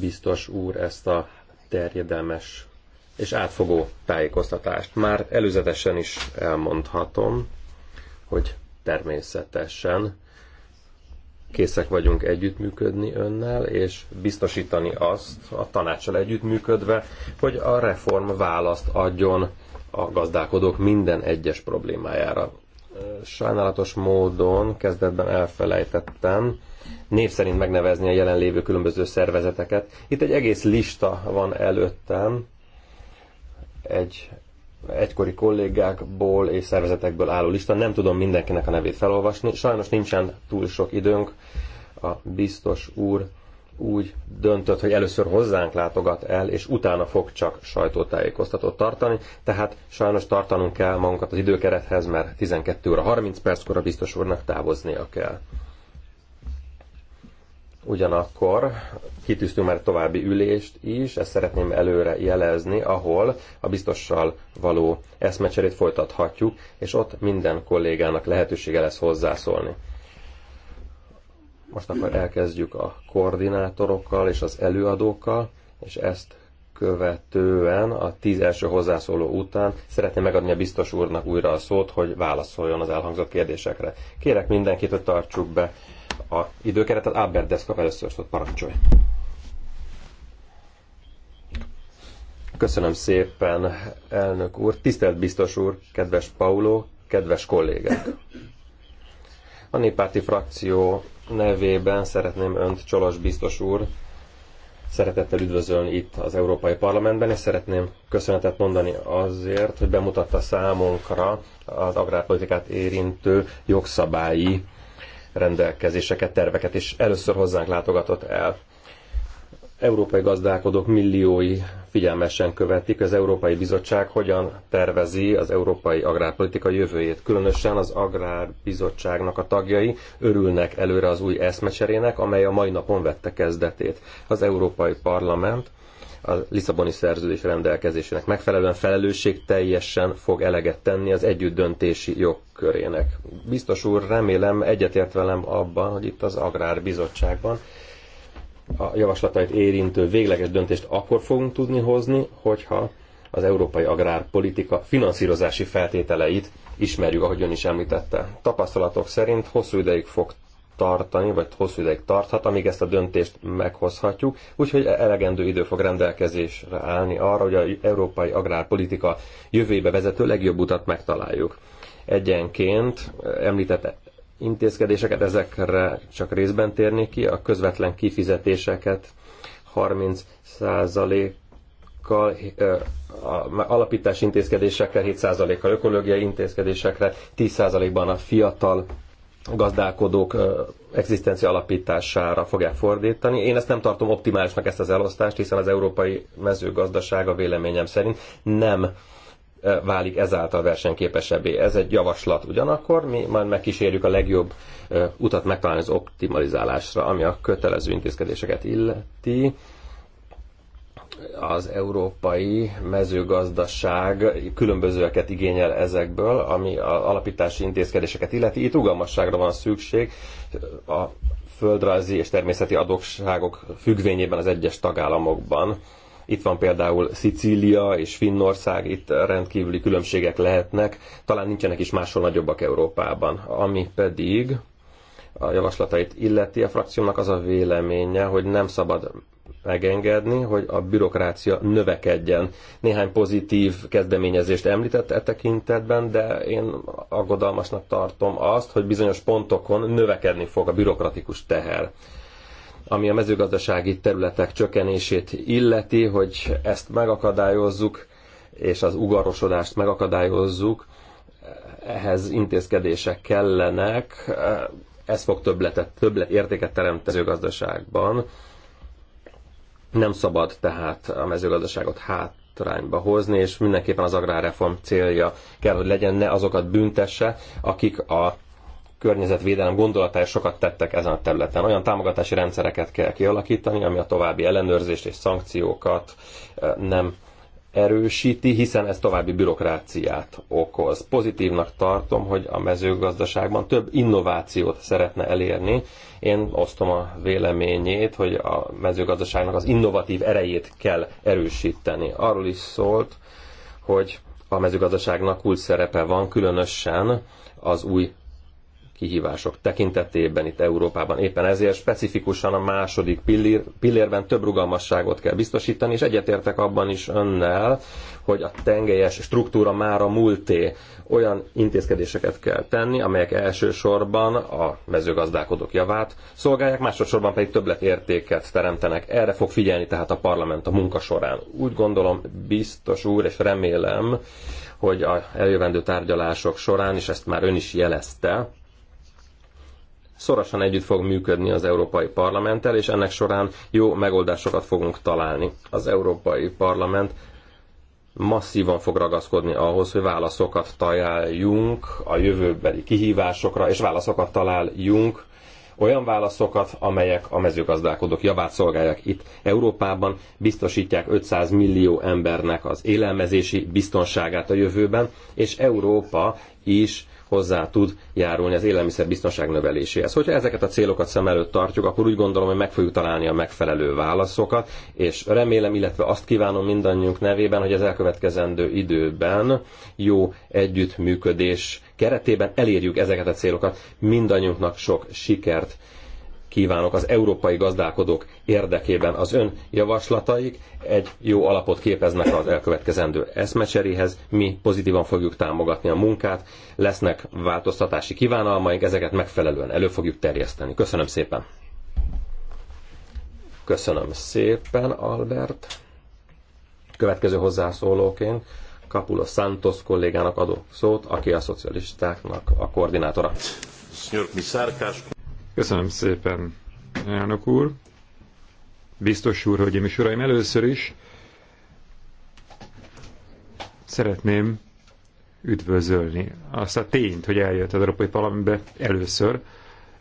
biztos úr ezt a terjedelmes és átfogó tájékoztatást. Már előzetesen is elmondhatom, hogy természetesen készek vagyunk együttműködni önnel, és biztosítani azt a tanácsal együttműködve, hogy a reform választ adjon a gazdálkodók minden egyes problémájára sajnálatos módon kezdetben elfelejtettem név szerint megnevezni a jelenlévő különböző szervezeteket. Itt egy egész lista van előttem, egy egykori kollégákból és szervezetekből álló lista. Nem tudom mindenkinek a nevét felolvasni. Sajnos nincsen túl sok időnk. A biztos úr úgy döntött, hogy először hozzánk látogat el, és utána fog csak sajtótájékoztatót tartani, tehát sajnos tartanunk kell magunkat az időkerethez, mert 12 óra 30 perckor a biztos úrnak távoznia kell. Ugyanakkor kitűztünk már további ülést is, ezt szeretném előre jelezni, ahol a biztossal való eszmecserét folytathatjuk, és ott minden kollégának lehetősége lesz hozzászólni. Most akkor elkezdjük a koordinátorokkal és az előadókkal, és ezt követően a tíz első hozzászóló után szeretném megadni a biztos úrnak újra a szót, hogy válaszoljon az elhangzott kérdésekre. Kérek mindenkit, hogy tartsuk be a időkeretet. Albert Deszka először szót parancsolj. Köszönöm szépen, elnök úr, tisztelt biztos úr, kedves Paulo, kedves kollégák! A néppárti frakció nevében szeretném önt, Csolos biztos úr, szeretettel üdvözölni itt az Európai Parlamentben, és szeretném köszönetet mondani azért, hogy bemutatta számunkra az agrárpolitikát érintő jogszabályi rendelkezéseket, terveket, és először hozzánk látogatott el. Európai gazdálkodók milliói figyelmesen követik, az Európai Bizottság hogyan tervezi az európai agrárpolitika jövőjét. Különösen az Agrárbizottságnak a tagjai örülnek előre az új eszmecserének, amely a mai napon vette kezdetét. Az Európai Parlament a Lisszaboni szerződés rendelkezésének megfelelően felelősség teljesen fog eleget tenni az együttdöntési jogkörének. Biztos úr, remélem egyetért velem abban, hogy itt az Agrárbizottságban a javaslatait érintő végleges döntést akkor fogunk tudni hozni, hogyha az európai agrárpolitika finanszírozási feltételeit ismerjük, ahogy ön is említette. Tapasztalatok szerint hosszú ideig fog tartani, vagy hosszú ideig tarthat, amíg ezt a döntést meghozhatjuk, úgyhogy elegendő idő fog rendelkezésre állni arra, hogy az európai agrárpolitika jövőbe vezető legjobb utat megtaláljuk. Egyenként említette intézkedéseket, ezekre csak részben térnék ki, a közvetlen kifizetéseket 30%-kal, alapítás intézkedésekkel, 7%-kal, ökológiai intézkedésekre 10%-ban a fiatal gazdálkodók egzisztencia alapítására fogják fordítani. Én ezt nem tartom optimálisnak ezt az elosztást, hiszen az európai mezőgazdaság a véleményem szerint nem válik ezáltal versenyképesebbé. Ez egy javaslat ugyanakkor, mi majd megkísérjük a legjobb utat megtalálni az optimalizálásra, ami a kötelező intézkedéseket illeti az európai mezőgazdaság különbözőeket igényel ezekből, ami a alapítási intézkedéseket illeti. Itt rugalmasságra van szükség a földrajzi és természeti adósságok függvényében az egyes tagállamokban. Itt van például Szicília és Finnország, itt rendkívüli különbségek lehetnek, talán nincsenek is máshol nagyobbak Európában. Ami pedig a javaslatait illeti, a frakciónak az a véleménye, hogy nem szabad megengedni, hogy a bürokrácia növekedjen. Néhány pozitív kezdeményezést említett e tekintetben, de én aggodalmasnak tartom azt, hogy bizonyos pontokon növekedni fog a bürokratikus teher ami a mezőgazdasági területek csökkenését illeti, hogy ezt megakadályozzuk, és az ugarosodást megakadályozzuk, ehhez intézkedések kellenek, ez fog többletet, többlet értéket teremteni a mezőgazdaságban. Nem szabad tehát a mezőgazdaságot hátrányba hozni, és mindenképpen az agrárreform célja kell, hogy legyen, ne azokat büntesse, akik a környezetvédelem gondolatai sokat tettek ezen a területen. Olyan támogatási rendszereket kell kialakítani, ami a további ellenőrzést és szankciókat eh, nem erősíti, hiszen ez további bürokráciát okoz. Pozitívnak tartom, hogy a mezőgazdaságban több innovációt szeretne elérni. Én osztom a véleményét, hogy a mezőgazdaságnak az innovatív erejét kell erősíteni. Arról is szólt, hogy a mezőgazdaságnak új szerepe van, különösen az új kihívások tekintetében itt Európában. Éppen ezért specifikusan a második pillér, pillérben több rugalmasságot kell biztosítani, és egyetértek abban is önnel, hogy a tengelyes struktúra már a múlté olyan intézkedéseket kell tenni, amelyek elsősorban a mezőgazdálkodók javát szolgálják, másodszorban pedig többletértéket teremtenek. Erre fog figyelni tehát a parlament a munka során. Úgy gondolom, biztos úr, és remélem, hogy a eljövendő tárgyalások során, és ezt már ön is jelezte, szorosan együtt fog működni az Európai Parlamenttel, és ennek során jó megoldásokat fogunk találni. Az Európai Parlament masszívan fog ragaszkodni ahhoz, hogy válaszokat találjunk a jövőbeli kihívásokra, és válaszokat találjunk olyan válaszokat, amelyek a mezőgazdálkodók javát szolgálják itt Európában, biztosítják 500 millió embernek az élelmezési biztonságát a jövőben, és Európa is hozzá tud járulni az élelmiszerbiztonság növeléséhez. Hogyha ezeket a célokat szem előtt tartjuk, akkor úgy gondolom, hogy meg fogjuk találni a megfelelő válaszokat, és remélem, illetve azt kívánom mindannyiunk nevében, hogy az elkövetkezendő időben jó együttműködés keretében elérjük ezeket a célokat. Mindannyiunknak sok sikert kívánok az európai gazdálkodók érdekében. Az ön javaslataik egy jó alapot képeznek az elkövetkezendő eszmecseréhez. Mi pozitívan fogjuk támogatni a munkát, lesznek változtatási kívánalmaink, ezeket megfelelően elő fogjuk terjeszteni. Köszönöm szépen! Köszönöm szépen, Albert! Következő hozzászólóként Kapula Santos kollégának adok szót, aki a szocialistáknak a koordinátora. Señor Köszönöm szépen, elnök úr. Biztos úr, hölgyeim is uraim, először is szeretném üdvözölni azt a tényt, hogy eljött az Európai Parlamentbe először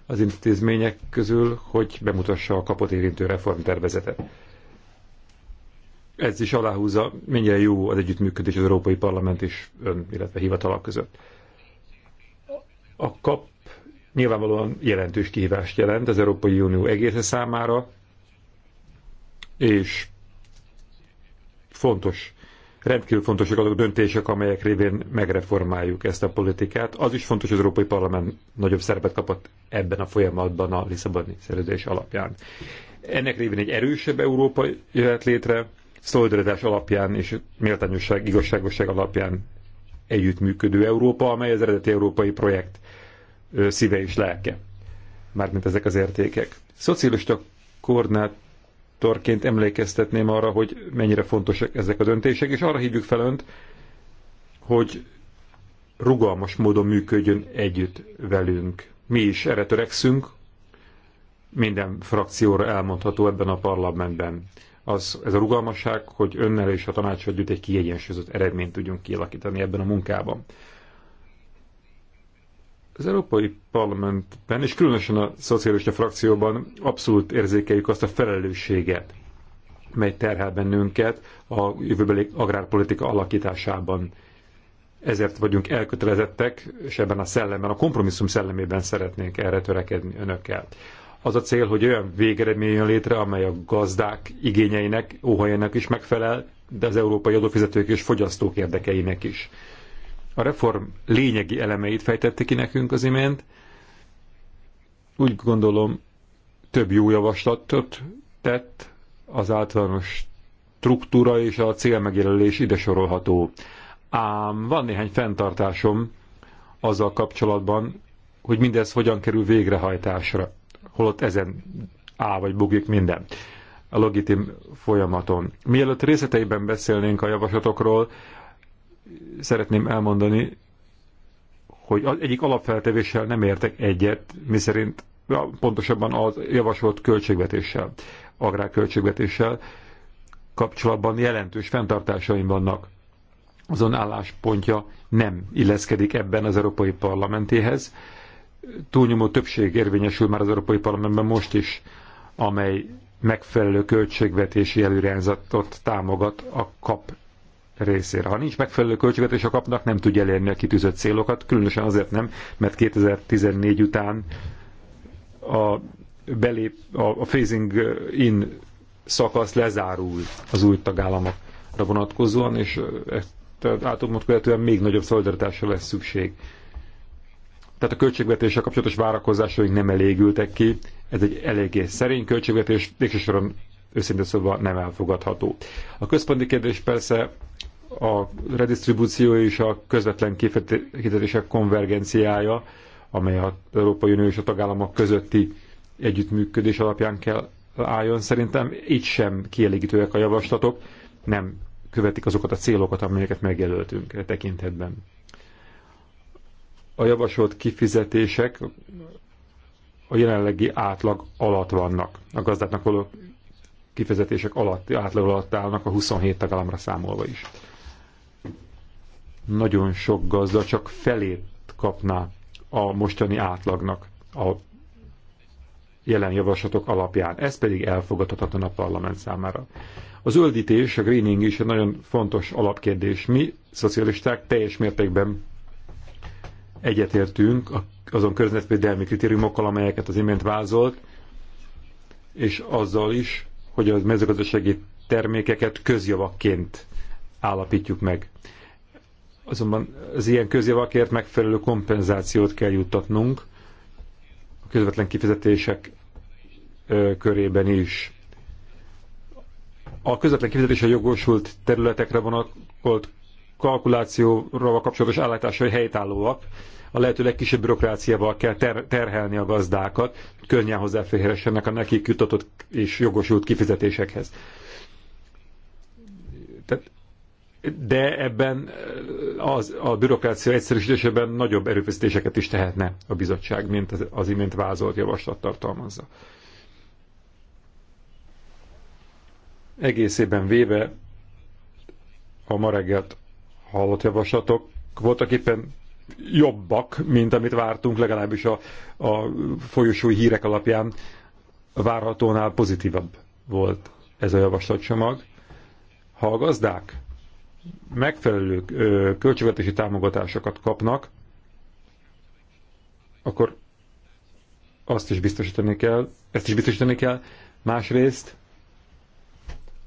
az intézmények közül, hogy bemutassa a kapott érintő reformtervezetet. Ez is aláhúzza, mennyire jó az együttműködés az Európai Parlament és ön, illetve hivatalak között. A kap nyilvánvalóan jelentős kihívást jelent az Európai Unió egésze számára, és fontos, rendkívül fontosak azok a döntések, amelyek révén megreformáljuk ezt a politikát. Az is fontos, hogy az Európai Parlament nagyobb szerepet kapott ebben a folyamatban a Lisszaboni szerződés alapján. Ennek révén egy erősebb Európa jöhet létre, szolidaritás alapján és méltányosság, igazságosság alapján együttműködő Európa, amely az eredeti európai projekt szíve és lelke. Mármint ezek az értékek. Szocialista koordinátorként emlékeztetném arra, hogy mennyire fontosak ezek a döntések, és arra hívjuk fel önt, hogy rugalmas módon működjön együtt velünk. Mi is erre törekszünk, minden frakcióra elmondható ebben a parlamentben. Az, ez a rugalmasság, hogy önnel és a tanács együtt egy kiegyensúlyozott eredményt tudjunk kialakítani ebben a munkában. Az Európai Parlamentben, és különösen a szocialista frakcióban abszolút érzékeljük azt a felelősséget, mely terhel bennünket a jövőbeli agrárpolitika alakításában. Ezért vagyunk elkötelezettek, és ebben a szellemben, a kompromisszum szellemében szeretnénk erre törekedni önökkel. Az a cél, hogy olyan végeredmény jön létre, amely a gazdák igényeinek, óhajának is megfelel, de az európai adófizetők és fogyasztók érdekeinek is a reform lényegi elemeit fejtette ki nekünk az imént. Úgy gondolom, több jó javaslatot tett, az általános struktúra és a célmegjelölés ide sorolható. Ám van néhány fenntartásom azzal kapcsolatban, hogy mindez hogyan kerül végrehajtásra, holott ezen áll vagy bugik minden a legitim folyamaton. Mielőtt részleteiben beszélnénk a javaslatokról, szeretném elmondani, hogy az egyik alapfeltevéssel nem értek egyet, miszerint pontosabban az javasolt költségvetéssel, agrárköltségvetéssel kapcsolatban jelentős fenntartásaim vannak. Azon álláspontja nem illeszkedik ebben az Európai Parlamentéhez. Túlnyomó többség érvényesül már az Európai Parlamentben most is, amely megfelelő költségvetési előrehányzatot támogat a kap részére. Ha nincs megfelelő költségvetés, a kapnak nem tudja elérni a kitűzött célokat, különösen azért nem, mert 2014 után a, belép, a, a phasing in szakasz lezárul az új tagállamokra vonatkozóan, és ezt követően még nagyobb szolidaritásra lesz szükség. Tehát a költségvetéssel kapcsolatos várakozásaink nem elégültek ki, ez egy eléggé szerény költségvetés, végsősorban őszintén szóval nem elfogadható. A központi kérdés persze a redistribúció és a közvetlen kifizetések konvergenciája, amely az Európai Unió és a tagállamok közötti együttműködés alapján kell álljon. Szerintem itt sem kielégítőek a javaslatok, nem követik azokat a célokat, amelyeket megjelöltünk e tekintetben. A javasolt kifizetések a jelenlegi átlag alatt vannak. A gazdáknak való kifizetések alatt, átlag alatt állnak a 27 tagállamra számolva is nagyon sok gazda csak felét kapná a mostani átlagnak a jelen javaslatok alapján. Ez pedig elfogadhatatlan a parlament számára. A zöldítés, a greening is egy nagyon fontos alapkérdés. Mi, szocialisták, teljes mértékben egyetértünk azon környezetvédelmi kritériumokkal, amelyeket az imént vázolt, és azzal is, hogy a mezőgazdasági termékeket közjavakként állapítjuk meg. Azonban az ilyen közjavakért megfelelő kompenzációt kell juttatnunk a közvetlen kifizetések körében is. A közvetlen kifizetése jogosult területekre vonatkozott kalkulációval kapcsolatos állításai helytállóak. A lehető legkisebb bürokráciával kell ter- terhelni a gazdákat, könnyen hozzáférhessenek a nekik jutatott és jogosult kifizetésekhez. Tehát de ebben az, a bürokrácia egyszerűsítésében nagyobb erőfeszítéseket is tehetne a bizottság, mint az, az imént vázolt javaslat tartalmazza. Egészében véve a ma reggelt hallott javaslatok voltak éppen jobbak, mint amit vártunk, legalábbis a, a folyosói hírek alapján várhatónál pozitívabb volt ez a javaslatcsomag. Ha a gazdák megfelelő költségvetési támogatásokat kapnak, akkor azt is biztosítani kell, ezt is biztosítani kell, másrészt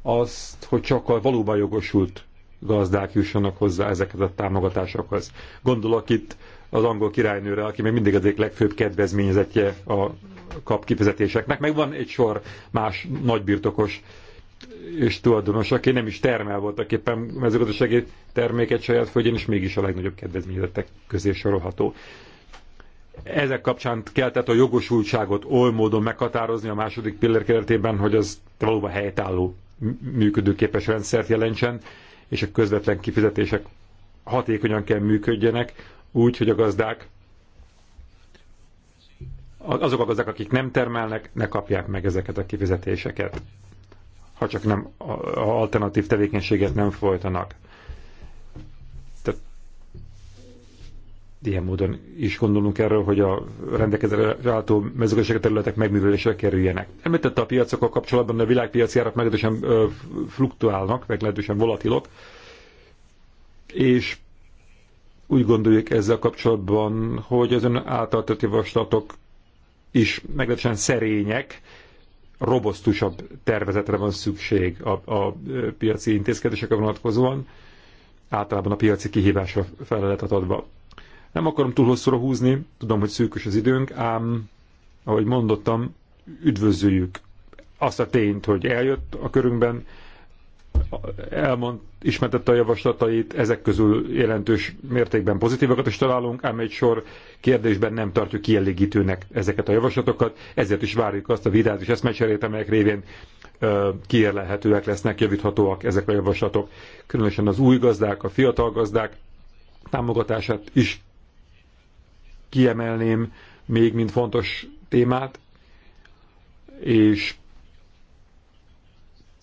azt, hogy csak a valóban jogosult gazdák jussanak hozzá ezeket a támogatásokhoz. Gondolok itt az angol királynőre, aki még mindig az egyik legfőbb kedvezményezetje a kap kifizetéseknek, meg van egy sor más nagybirtokos és tulajdonos, aki nem is termel voltak éppen mezőgazdasági terméket saját földjén, és mégis a legnagyobb kedvezményezettek közé sorolható. Ezek kapcsán kell tehát a jogosultságot oly módon meghatározni a második pillér keretében, hogy az valóban helytálló működőképes rendszert jelentsen, és a közvetlen kifizetések hatékonyan kell működjenek, úgy, hogy a gazdák azok a gazdák, akik nem termelnek, ne kapják meg ezeket a kifizetéseket ha csak nem a alternatív tevékenységet nem folytanak. Tehát ilyen módon is gondolunk erről, hogy a rendelkezésre álló mezőgazdasági területek megművelésre kerüljenek. Említette a piacokkal kapcsolatban, a világpiaci árak meglehetősen fluktuálnak, meglehetősen volatilok, és úgy gondoljuk ezzel kapcsolatban, hogy az ön által tett javaslatok is meglehetősen szerények, robosztusabb tervezetre van szükség a, a piaci intézkedésekre vonatkozóan, általában a piaci kihívásra feleletet adva. Nem akarom túl hosszúra húzni, tudom, hogy szűkös az időnk, ám, ahogy mondottam, üdvözöljük azt a tényt, hogy eljött a körünkben, elmond, ismertette a javaslatait, ezek közül jelentős mértékben pozitívakat is találunk, ám egy sor kérdésben nem tartjuk kielégítőnek ezeket a javaslatokat, ezért is várjuk azt a vitát és eszmecserét, amelyek révén kiérlelhetőek lesznek, javíthatóak ezek a javaslatok. Különösen az új gazdák, a fiatal gazdák támogatását is kiemelném még, mint fontos témát, és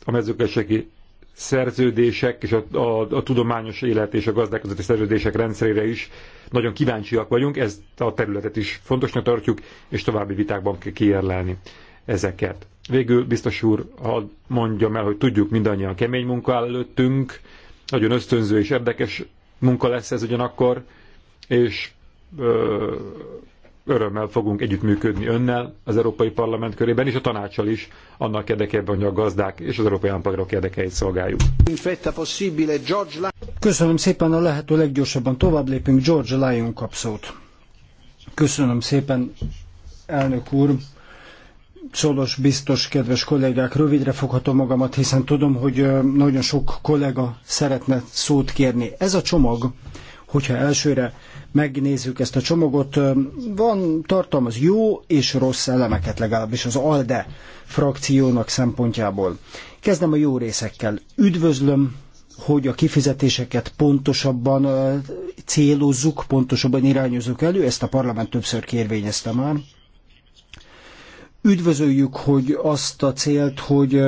a mezőgazdasági szerződések és a, a, a tudományos élet és a gazdálkodati szerződések rendszerére is nagyon kíváncsiak vagyunk, ezt a területet is fontosnak tartjuk, és további vitákban kell kiérlelni ezeket. Végül biztos úr, ha mondjam el, hogy tudjuk mindannyian kemény munka előttünk, nagyon ösztönző és érdekes munka lesz ez ugyanakkor, és ö, örömmel fogunk együttműködni önnel az Európai Parlament körében és a tanácsal is, annak érdekében, hogy a gazdák és az európai állampolgárok érdekeit szolgáljuk. Köszönöm szépen a lehető leggyorsabban tovább lépünk. George Lyon kap szót. Köszönöm szépen, elnök úr. Szolos biztos, kedves kollégák, rövidre foghatom magamat, hiszen tudom, hogy nagyon sok kollega szeretne szót kérni. Ez a csomag, hogyha elsőre megnézzük ezt a csomagot, van tartalmaz jó és rossz elemeket legalábbis az ALDE frakciónak szempontjából. Kezdem a jó részekkel. Üdvözlöm, hogy a kifizetéseket pontosabban célozzuk, pontosabban irányozzuk elő, ezt a parlament többször kérvényezte már. Üdvözöljük, hogy azt a célt, hogy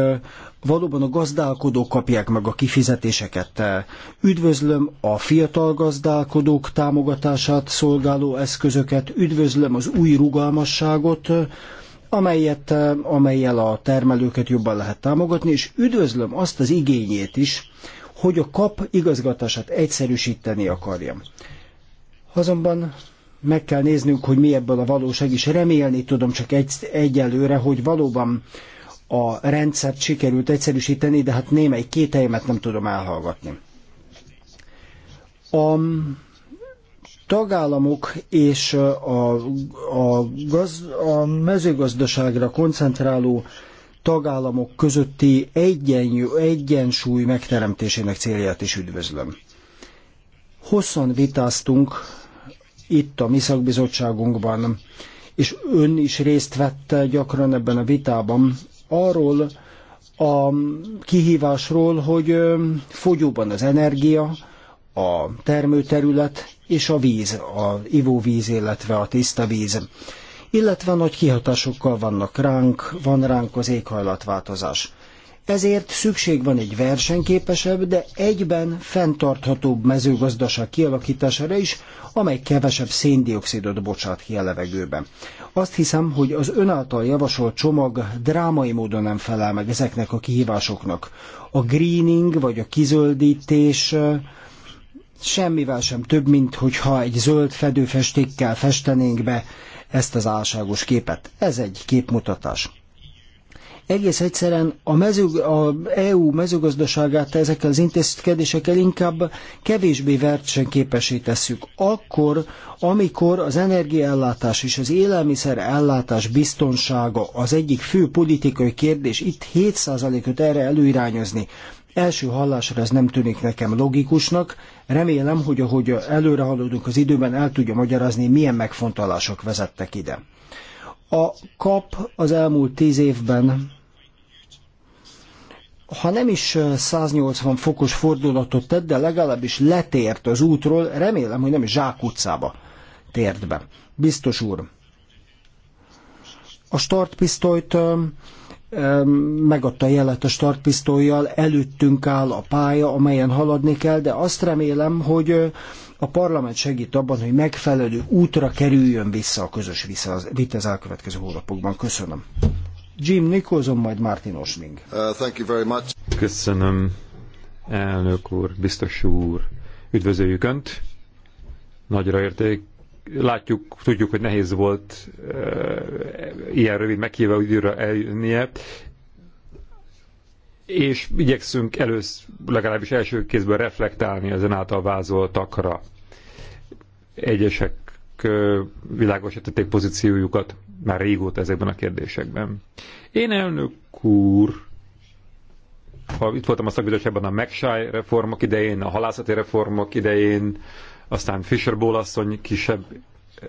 valóban a gazdálkodók kapják meg a kifizetéseket. Üdvözlöm a fiatal gazdálkodók támogatását szolgáló eszközöket, üdvözlöm az új rugalmasságot, amelyet, amelyel a termelőket jobban lehet támogatni, és üdvözlöm azt az igényét is, hogy a kap igazgatását egyszerűsíteni akarja. Azonban meg kell néznünk, hogy mi ebből a valóság is. Remélni tudom csak egy, egyelőre, hogy valóban a rendszert sikerült egyszerűsíteni, de hát némely kételjemet nem tudom elhallgatni. A tagállamok és a, a, gaz, a mezőgazdaságra koncentráló tagállamok közötti egyen, egyensúly megteremtésének célját is üdvözlöm. Hosszan vitáztunk itt a Miszakbizottságunkban, és ön is részt vette gyakran ebben a vitában arról a kihívásról, hogy fogyóban az energia, a termőterület és a víz, a ivóvíz, illetve a tiszta víz. Illetve nagy kihatásokkal vannak ránk, van ránk az éghajlatváltozás. Ezért szükség van egy versenyképesebb, de egyben fenntarthatóbb mezőgazdaság kialakítására is, amely kevesebb széndiokszidot bocsát ki a levegőben. Azt hiszem, hogy az ön által javasolt csomag drámai módon nem felel meg ezeknek a kihívásoknak. A greening vagy a kizöldítés semmivel sem több, mint hogyha egy zöld fedőfestékkel festenénk be ezt az álságos képet. Ez egy képmutatás. Egész egyszerűen a, mezőg, a EU mezőgazdaságát ezekkel az intézkedésekkel inkább kevésbé versenyképesé tesszük. Akkor, amikor az energiaellátás és az élelmiszer ellátás biztonsága az egyik fő politikai kérdés, itt 7%-ot erre előirányozni, Első hallásra ez nem tűnik nekem logikusnak. Remélem, hogy ahogy előre haladunk az időben, el tudja magyarázni, milyen megfontolások vezettek ide. A kap az elmúlt tíz évben ha nem is 180 fokos fordulatot tett, de legalábbis letért az útról, remélem, hogy nem is zsákutcába tért be. Biztos úr. A startpisztolyt megadta jelet a startpisztolyjal, előttünk áll a pálya, amelyen haladni kell, de azt remélem, hogy a parlament segít abban, hogy megfelelő útra kerüljön vissza a közös vita az elkövetkező hónapokban. Köszönöm. Jim Nicholson, majd Martin Osling. Uh, Köszönöm, elnök úr, biztos úr. Üdvözöljük Önt. Nagyra érték. Látjuk, tudjuk, hogy nehéz volt e, ilyen rövid meghívó időre eljönnie, és igyekszünk először, legalábbis első kézből reflektálni ezen által vázoltakra. Egyesek világosították pozíciójukat már régóta ezekben a kérdésekben. Én elnök úr, ha itt voltam a szakbizottságban a Megsáj reformok idején, a halászati reformok idején, aztán Fisher bólasszony kisebb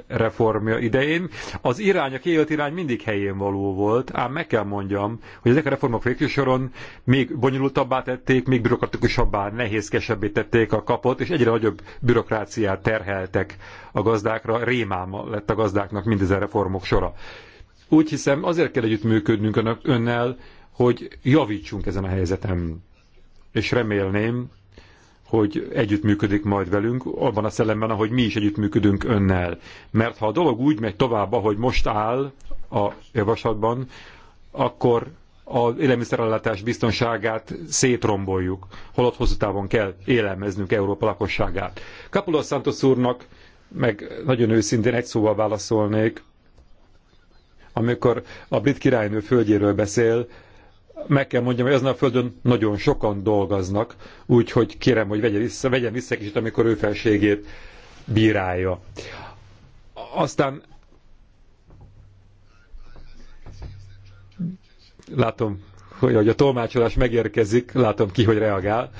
reformja idején. Az irány, a kiélt irány mindig helyén való volt, ám meg kell mondjam, hogy ezek a reformok végső soron még bonyolultabbá tették, még bürokratikusabbá, nehézkesebbé tették a kapot, és egyre nagyobb bürokráciát terheltek a gazdákra, rémám lett a gazdáknak mindezen reformok sora. Úgy hiszem, azért kell együttműködnünk önnel, hogy javítsunk ezen a helyzetem. És remélném, hogy együttműködik majd velünk, abban a szellemben, ahogy mi is együttműködünk önnel. Mert ha a dolog úgy megy tovább, ahogy most áll a javaslatban, akkor az élelmiszerellátás biztonságát szétromboljuk, holott hosszú távon kell élelmeznünk Európa lakosságát. Kapuló Santos úrnak meg nagyon őszintén egy szóval válaszolnék, amikor a brit királynő földjéről beszél, meg kell mondjam, hogy ezen a földön nagyon sokan dolgoznak, úgyhogy kérem, hogy vegye vissza, vegyen vissza kicsit, amikor ő felségét bírálja. Aztán látom, hogy ahogy a tolmácsolás megérkezik, látom ki, hogy reagál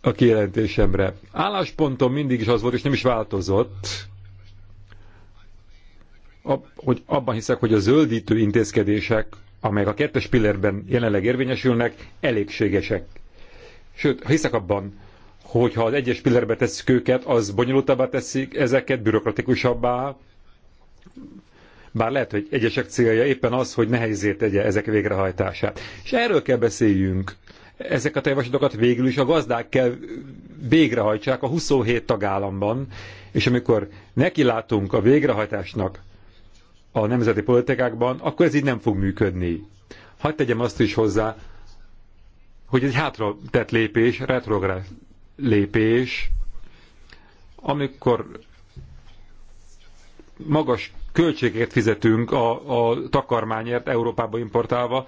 a kijelentésemre. Álláspontom mindig is az volt, és nem is változott, hogy abban hiszek, hogy a zöldítő intézkedések amelyek a kettes pillérben jelenleg érvényesülnek, elégségesek. Sőt, hiszek abban, hogyha az egyes pillérbe tesszük őket, az bonyolultabbá teszik ezeket, bürokratikusabbá, bár lehet, hogy egyesek célja éppen az, hogy nehézé tegye ezek végrehajtását. És erről kell beszéljünk. Ezeket a javaslatokat végül is a gazdák kell végrehajtsák a 27 tagállamban, és amikor nekilátunk a végrehajtásnak, a nemzeti politikákban, akkor ez így nem fog működni. Hadd tegyem azt is hozzá, hogy egy hátra tett lépés, retrográd lépés, amikor magas költségeket fizetünk a, a takarmányért Európába importálva,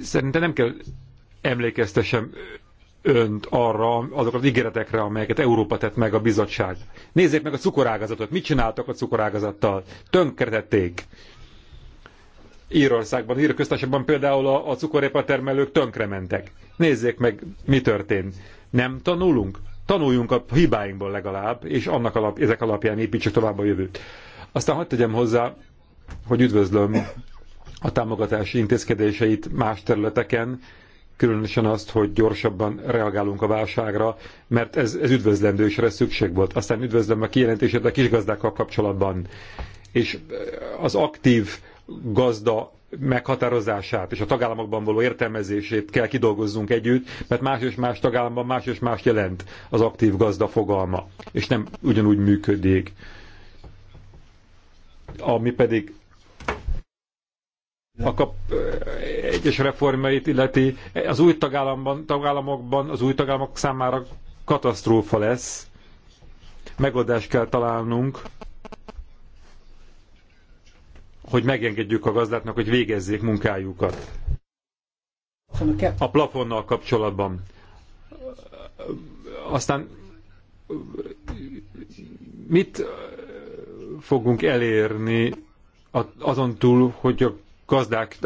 szerintem nem kell emlékeztessem önt arra, azokra az ígéretekre, amelyeket Európa tett meg a bizottság. Nézzék meg a cukorágazatot. Mit csináltak a cukorágazattal? Tönkretették. Írországban, Írköztársaságban például a, a cukorépa termelők tönkrementek. Nézzék meg, mi történt. Nem tanulunk? Tanuljunk a hibáinkból legalább, és annak alap, ezek alapján építsük tovább a jövőt. Aztán hagyd tegyem hozzá, hogy üdvözlöm a támogatási intézkedéseit más területeken, különösen azt, hogy gyorsabban reagálunk a válságra, mert ez, ez üdvözlendő és erre szükség volt. Aztán üdvözlöm a kijelentését a kisgazdákkal kapcsolatban, és az aktív gazda meghatározását és a tagállamokban való értelmezését kell kidolgozzunk együtt, mert más és más tagállamban más és más jelent az aktív gazda fogalma, és nem ugyanúgy működik. Ami pedig a kap egyes reformjait illeti, az új tagállamban, tagállamokban, az új tagállamok számára katasztrófa lesz. Megoldást kell találnunk, hogy megengedjük a gazdáknak, hogy végezzék munkájukat. A plafonnal kapcsolatban. Aztán mit fogunk elérni azon túl, hogy a gazdák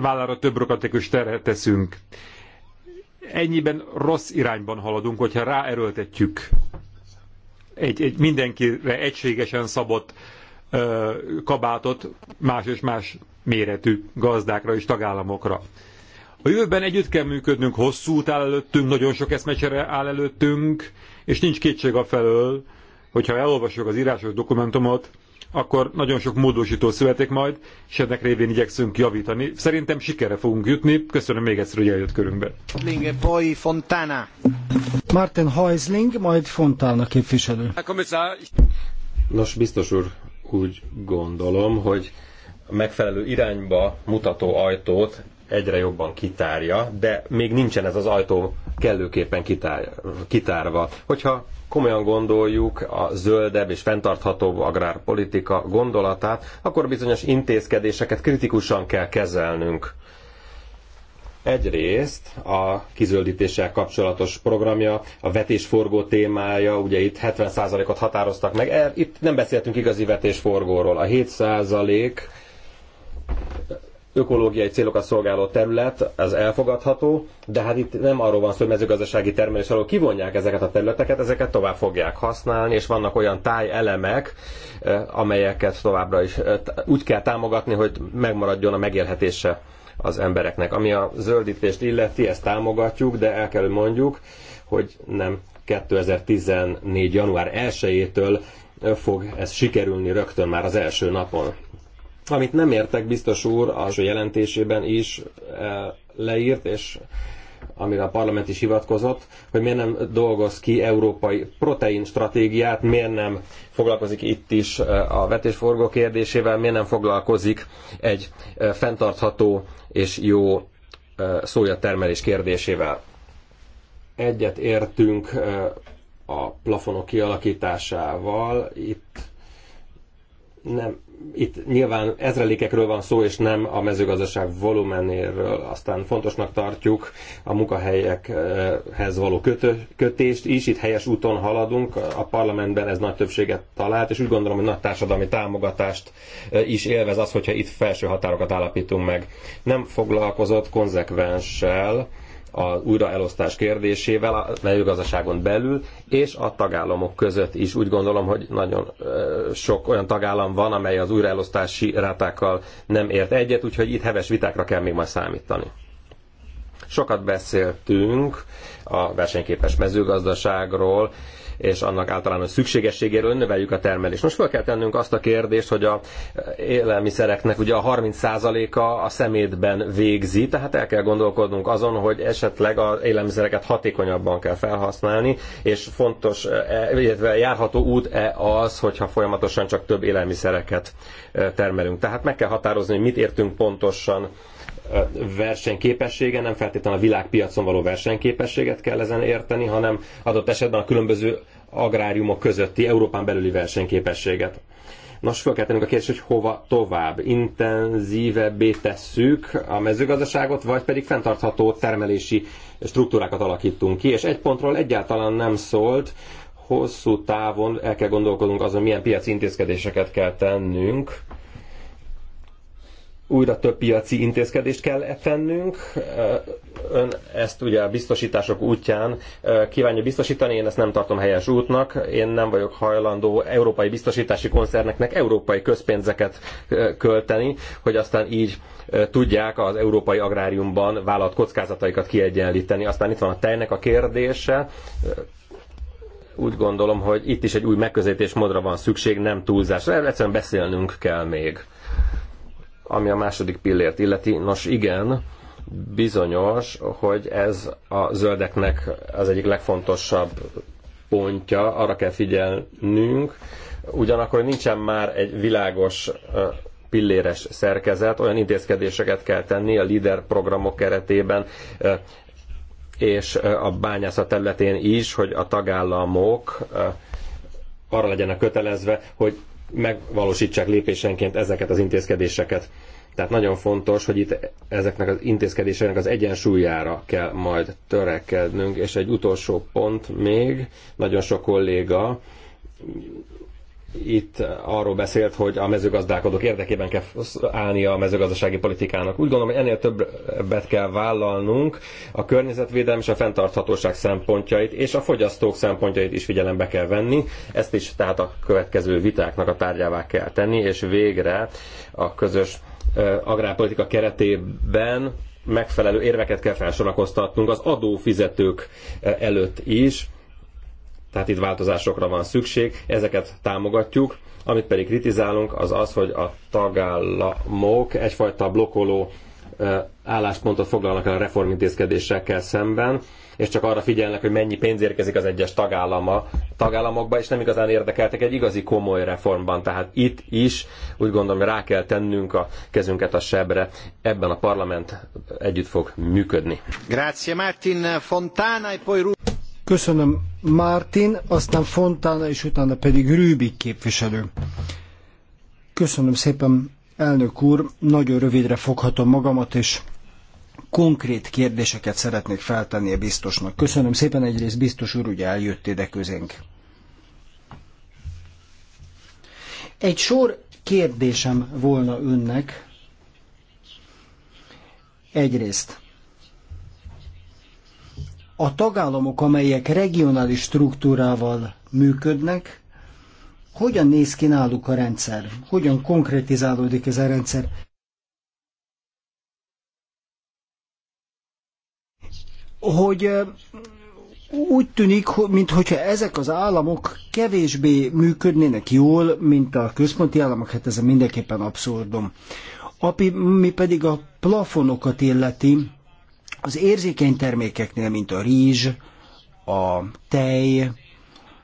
vállára több rokatikus terhet teszünk. Ennyiben rossz irányban haladunk, hogyha ráerőltetjük egy, egy mindenkire egységesen szabott ö, kabátot más és más méretű gazdákra és tagállamokra. A jövőben együtt kell működnünk, hosszú út áll előttünk, nagyon sok eszmecsere áll előttünk, és nincs kétség a felől, hogyha elolvasok az írásos dokumentumot, akkor nagyon sok módosító születik majd, és ennek révén igyekszünk javítani. Szerintem sikerre fogunk jutni. Köszönöm még egyszer, hogy eljött körünkbe. Boy Fontana. Martin Heusling, majd Fontana képviselő. Nos, biztos úr, úgy gondolom, hogy megfelelő irányba mutató ajtót egyre jobban kitárja, de még nincsen ez az ajtó kellőképpen kitár, kitárva. Hogyha komolyan gondoljuk a zöldebb és fenntarthatóbb agrárpolitika gondolatát, akkor bizonyos intézkedéseket kritikusan kell kezelnünk. Egyrészt a kizöldítéssel kapcsolatos programja, a vetésforgó témája, ugye itt 70%-ot határoztak meg, er, itt nem beszéltünk igazi vetésforgóról, a 7% ökológiai célokat szolgáló terület, az elfogadható, de hát itt nem arról van szó, hogy mezőgazdasági termelés alól kivonják ezeket a területeket, ezeket tovább fogják használni, és vannak olyan tájelemek, eh, amelyeket továbbra is eh, úgy kell támogatni, hogy megmaradjon a megélhetése az embereknek. Ami a zöldítést illeti, ezt támogatjuk, de el kell, mondjuk, hogy nem 2014. január 1-től eh, fog ez sikerülni rögtön már az első napon. Amit nem értek, biztos úr az jelentésében is eh, leírt, és amire a parlament is hivatkozott, hogy miért nem dolgoz ki európai protein stratégiát, miért nem foglalkozik itt is eh, a vetésforgó kérdésével, miért nem foglalkozik egy eh, fenntartható és jó szójatermelés kérdésével. Egyet értünk a plafonok kialakításával, itt nem, itt nyilván ezrelékekről van szó, és nem a mezőgazdaság volumenéről. Aztán fontosnak tartjuk a munkahelyekhez való kötő, kötést is. Itt helyes úton haladunk. A parlamentben ez nagy többséget talált, és úgy gondolom, hogy nagy társadalmi támogatást eh, is élvez az, hogyha itt felső határokat állapítunk meg. Nem foglalkozott konzekvenssel az újraelosztás kérdésével a mezőgazdaságon belül és a tagállamok között is. Úgy gondolom, hogy nagyon sok olyan tagállam van, amely az újraelosztási rátákkal nem ért egyet, úgyhogy itt heves vitákra kell még majd számítani. Sokat beszéltünk a versenyképes mezőgazdaságról, és annak általános szükségességéről növeljük a termelést. Most fel kell tennünk azt a kérdést, hogy a élelmiszereknek ugye a 30%-a a szemétben végzi, tehát el kell gondolkodnunk azon, hogy esetleg az élelmiszereket hatékonyabban kell felhasználni, és fontos, e, illetve járható út-e az, hogyha folyamatosan csak több élelmiszereket e, termelünk. Tehát meg kell határozni, hogy mit értünk pontosan e, versenyképessége, nem feltétlenül a világpiacon való versenyképességet kell ezen érteni, hanem adott esetben a különböző agráriumok közötti Európán belüli versenyképességet. Nos, fel kell tennünk a kérdés hogy hova tovább. Intenzívebbé tesszük a mezőgazdaságot, vagy pedig fenntartható termelési struktúrákat alakítunk ki. És egy pontról egyáltalán nem szólt, hosszú távon el kell gondolkodnunk azon, milyen piaci intézkedéseket kell tennünk, újra több piaci intézkedést kell e tennünk. Ön ezt ugye a biztosítások útján kívánja biztosítani, én ezt nem tartom helyes útnak. Én nem vagyok hajlandó európai biztosítási koncerneknek európai közpénzeket költeni, hogy aztán így tudják az európai agráriumban vállalt kockázataikat kiegyenlíteni. Aztán itt van a tejnek a kérdése úgy gondolom, hogy itt is egy új megközelítés modra van szükség, nem túlzásra. egyszerűen beszélnünk kell még. Ami a második pillért illeti, nos igen, bizonyos, hogy ez a zöldeknek az egyik legfontosabb pontja, arra kell figyelnünk, ugyanakkor nincsen már egy világos pilléres szerkezet, olyan intézkedéseket kell tenni a LIDER programok keretében, és a bányászat területén is, hogy a tagállamok arra legyenek kötelezve, hogy megvalósítsák lépésenként ezeket az intézkedéseket. Tehát nagyon fontos, hogy itt ezeknek az intézkedéseknek az egyensúlyára kell majd törekednünk. És egy utolsó pont még, nagyon sok kolléga itt arról beszélt, hogy a mezőgazdálkodók érdekében kell állni a mezőgazdasági politikának. Úgy gondolom, hogy ennél többet kell vállalnunk a környezetvédelem és a fenntarthatóság szempontjait, és a fogyasztók szempontjait is figyelembe kell venni. Ezt is tehát a következő vitáknak a tárgyává kell tenni, és végre a közös agrárpolitika keretében megfelelő érveket kell felsorakoztatnunk az adófizetők előtt is, tehát itt változásokra van szükség, ezeket támogatjuk. Amit pedig kritizálunk, az az, hogy a tagállamok egyfajta blokkoló álláspontot foglalnak el a reformintézkedésekkel szemben, és csak arra figyelnek, hogy mennyi pénz érkezik az egyes tagállama, tagállamokba, és nem igazán érdekeltek egy igazi komoly reformban. Tehát itt is úgy gondolom, rá kell tennünk a kezünket a sebre. Ebben a parlament együtt fog működni. Grazie Martin Fontana, e poi... Köszönöm Mártin, aztán Fontana, és utána pedig Rübik képviselő. Köszönöm szépen, elnök úr, nagyon rövidre foghatom magamat, és konkrét kérdéseket szeretnék feltenni a biztosnak. Köszönöm szépen, egyrészt biztos úr, ugye eljött ide közénk. Egy sor kérdésem volna önnek. Egyrészt a tagállamok, amelyek regionális struktúrával működnek, hogyan néz ki náluk a rendszer? Hogyan konkretizálódik ez a rendszer? Hogy úgy tűnik, mintha ezek az államok kevésbé működnének jól, mint a központi államok, hát ez mindenképpen abszurdum. Ami pedig a plafonokat illeti, az érzékeny termékeknél, mint a rizs, a tej,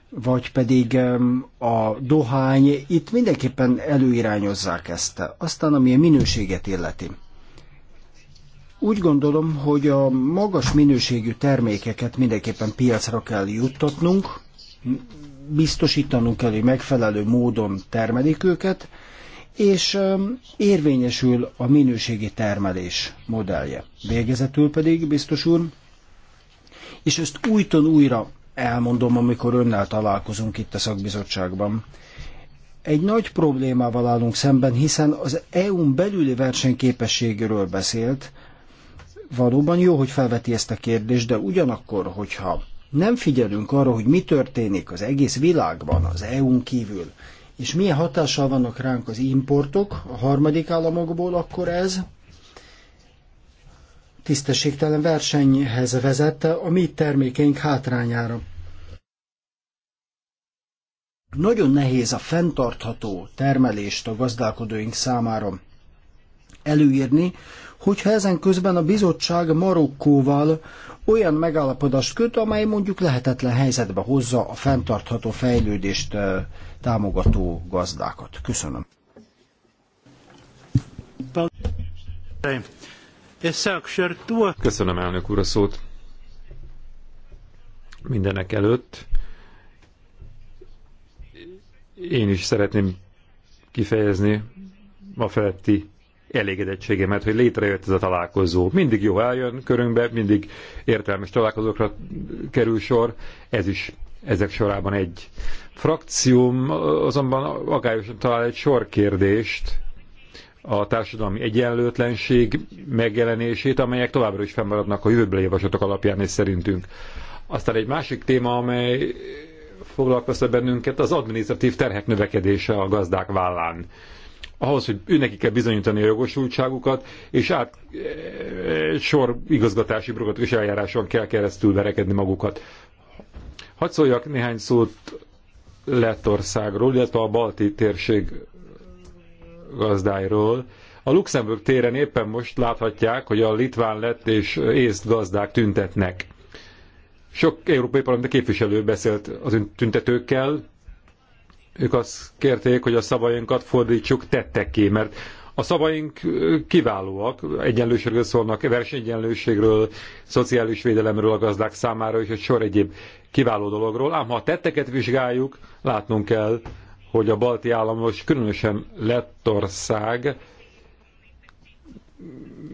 vagy pedig a dohány, itt mindenképpen előirányozzák ezt. Aztán, ami a minőséget illeti. Úgy gondolom, hogy a magas minőségű termékeket mindenképpen piacra kell juttatnunk, biztosítanunk kell, hogy megfelelő módon termelik őket, és érvényesül a minőségi termelés modellje. Végezetül pedig, biztos úr, és ezt újton újra elmondom, amikor önnel találkozunk itt a szakbizottságban. Egy nagy problémával állunk szemben, hiszen az EU-n belüli versenyképességről beszélt. Valóban jó, hogy felveti ezt a kérdést, de ugyanakkor, hogyha nem figyelünk arra, hogy mi történik az egész világban, az EU-n kívül, és milyen hatással vannak ránk az importok a harmadik államokból, akkor ez tisztességtelen versenyhez vezette a mi termékeink hátrányára. Nagyon nehéz a fenntartható termelést a gazdálkodóink számára előírni, hogyha ezen közben a bizottság Marokkóval olyan megállapodást köt, amely mondjuk lehetetlen helyzetbe hozza a fenntartható fejlődést támogató gazdákat. Köszönöm. Köszönöm elnök úr a szót. Mindenek előtt én is szeretném kifejezni ma feletti elégedettségemet, hogy létrejött ez a találkozó. Mindig jó eljön körünkbe, mindig értelmes találkozókra kerül sor, ez is ezek sorában egy. Frakcióm azonban agályosan talál egy sor kérdést, a társadalmi egyenlőtlenség megjelenését, amelyek továbbra is fennmaradnak a jövőbeli javaslatok alapján és szerintünk. Aztán egy másik téma, amely foglalkoztat bennünket, az administratív terhek növekedése a gazdák vállán ahhoz, hogy neki kell bizonyítani a jogosultságukat, és át e, sor igazgatási és eljáráson kell keresztül verekedni magukat. Hadd szóljak néhány szót Lettországról, illetve a balti térség gazdáiról. A Luxemburg téren éppen most láthatják, hogy a litván lett és észt gazdák tüntetnek. Sok európai parlamenti képviselő beszélt az tüntetőkkel, ők azt kérték, hogy a szavainkat fordítsuk tetteké, mert a szavaink kiválóak, egyenlőségről szólnak, versenyegyenlőségről, szociális védelemről a gazdák számára és egy sor egyéb kiváló dologról, ám ha a tetteket vizsgáljuk, látnunk kell, hogy a balti államos, különösen Lettország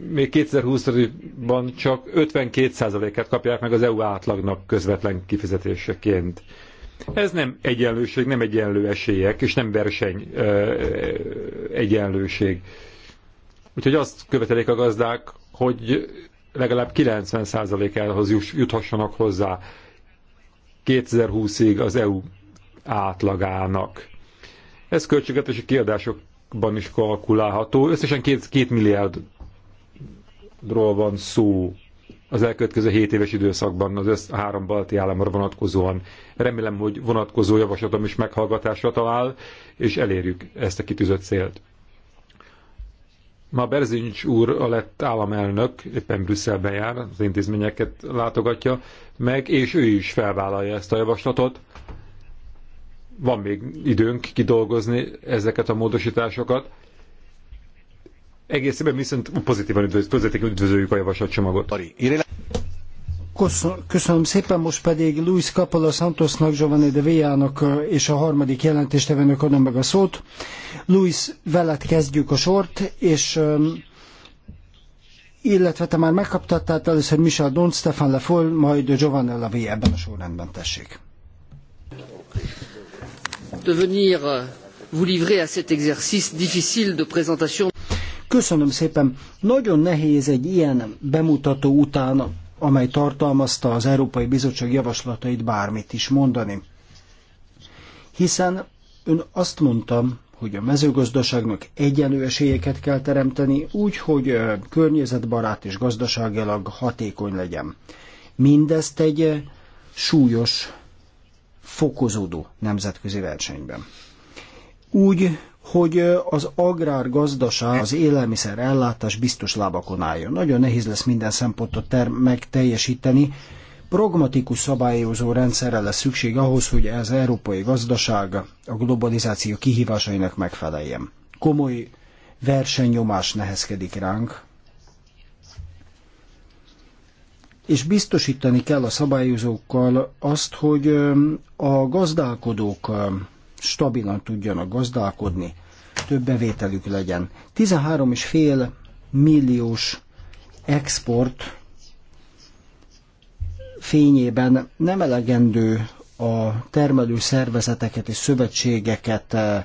még 2020-ban csak 52 et kapják meg az EU átlagnak közvetlen kifizetéseként. Ez nem egyenlőség, nem egyenlő esélyek, és nem verseny egyenlőség. Úgyhogy azt követelik a gazdák, hogy legalább 90%-ához juthassanak hozzá 2020-ig az EU átlagának. Ez költségvetési kiadásokban is kalkulálható. Összesen 2 milliárdról van szó az elkövetkező 7 éves időszakban az össz a három balti államra vonatkozóan. Remélem, hogy vonatkozó javaslatom is meghallgatásra talál, és elérjük ezt a kitűzött célt. Ma Berzincs úr, a lett államelnök, éppen Brüsszelben jár, az intézményeket látogatja meg, és ő is felvállalja ezt a javaslatot. Van még időnk kidolgozni ezeket a módosításokat, egészében viszont pozitívan üdvözlők, pozitívan üdvözöljük a javaslatcsomagot. Köszönöm szépen, most pedig Luis Capola Santosnak, Giovanni de Villának és a harmadik jelentéstevőnök adom meg a szót. Luis, veled kezdjük a sort, és illetve te már megkaptad, tehát először Michel Don, Stefan Lefol, majd Giovanni Lavi ebben a sorrendben tessék. De venir vous livrer à cet exercice difficile de présentation Köszönöm szépen. Nagyon nehéz egy ilyen bemutató után, amely tartalmazta az Európai Bizottság javaslatait bármit is mondani. Hiszen ön azt mondtam, hogy a mezőgazdaságnak egyenlő esélyeket kell teremteni, úgy, hogy környezetbarát és gazdaságilag hatékony legyen. Mindezt egy súlyos, fokozódó nemzetközi versenyben. Úgy, hogy az agrárgazdaság, az élelmiszer ellátás biztos lábakon álljon. Nagyon nehéz lesz minden szempontot ter- Pragmatikus szabályozó rendszerre lesz szükség ahhoz, hogy az európai gazdaság a globalizáció kihívásainak megfeleljen. Komoly versenynyomás nehezkedik ránk, és biztosítani kell a szabályozókkal azt, hogy a gazdálkodók stabilan tudjanak gazdálkodni, több bevételük legyen. 13,5 milliós export fényében nem elegendő a termelő szervezeteket és szövetségeket eh,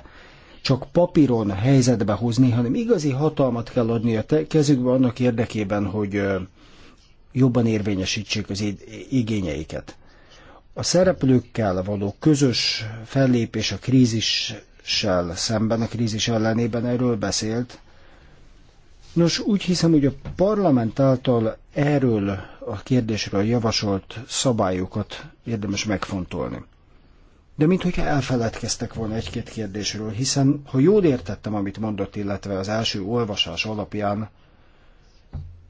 csak papíron helyzetbe hozni, hanem igazi hatalmat kell adni a kezükbe annak érdekében, hogy eh, jobban érvényesítsék az igényeiket. A szereplőkkel való közös fellépés a krízis krízissel szemben, a krízis ellenében erről beszélt. Nos, úgy hiszem, hogy a parlament által erről a kérdésről javasolt szabályokat érdemes megfontolni. De minthogyha elfeledkeztek volna egy-két kérdésről, hiszen ha jól értettem, amit mondott, illetve az első olvasás alapján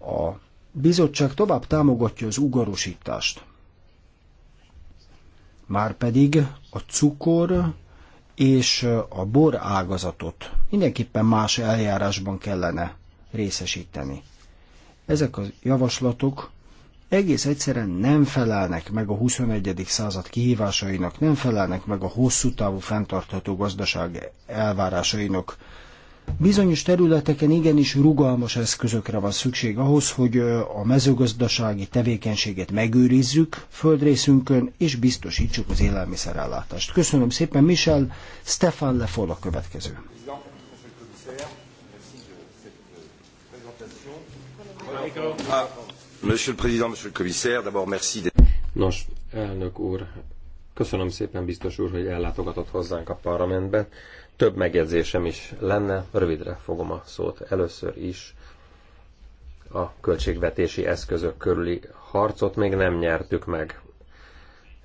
a bizottság tovább támogatja az ugarosítást. Márpedig a cukor és a bor ágazatot mindenképpen más eljárásban kellene részesíteni. Ezek a javaslatok egész egyszerűen nem felelnek meg a 21. század kihívásainak, nem felelnek meg a hosszú távú fenntartható gazdaság elvárásainak. Bizonyos területeken igenis rugalmas eszközökre van szükség ahhoz, hogy a mezőgazdasági tevékenységet megőrizzük földrészünkön, és biztosítsuk az élelmiszerellátást. Köszönöm szépen, Michel. Stefan Lefol a következő. Monsieur le Président, Monsieur le Commissaire, d'abord merci. Nos, elnök úr, köszönöm szépen, biztos úr, hogy ellátogatott hozzánk a parlamentben. Több megjegyzésem is lenne, rövidre fogom a szót. Először is a költségvetési eszközök körüli harcot még nem nyertük meg.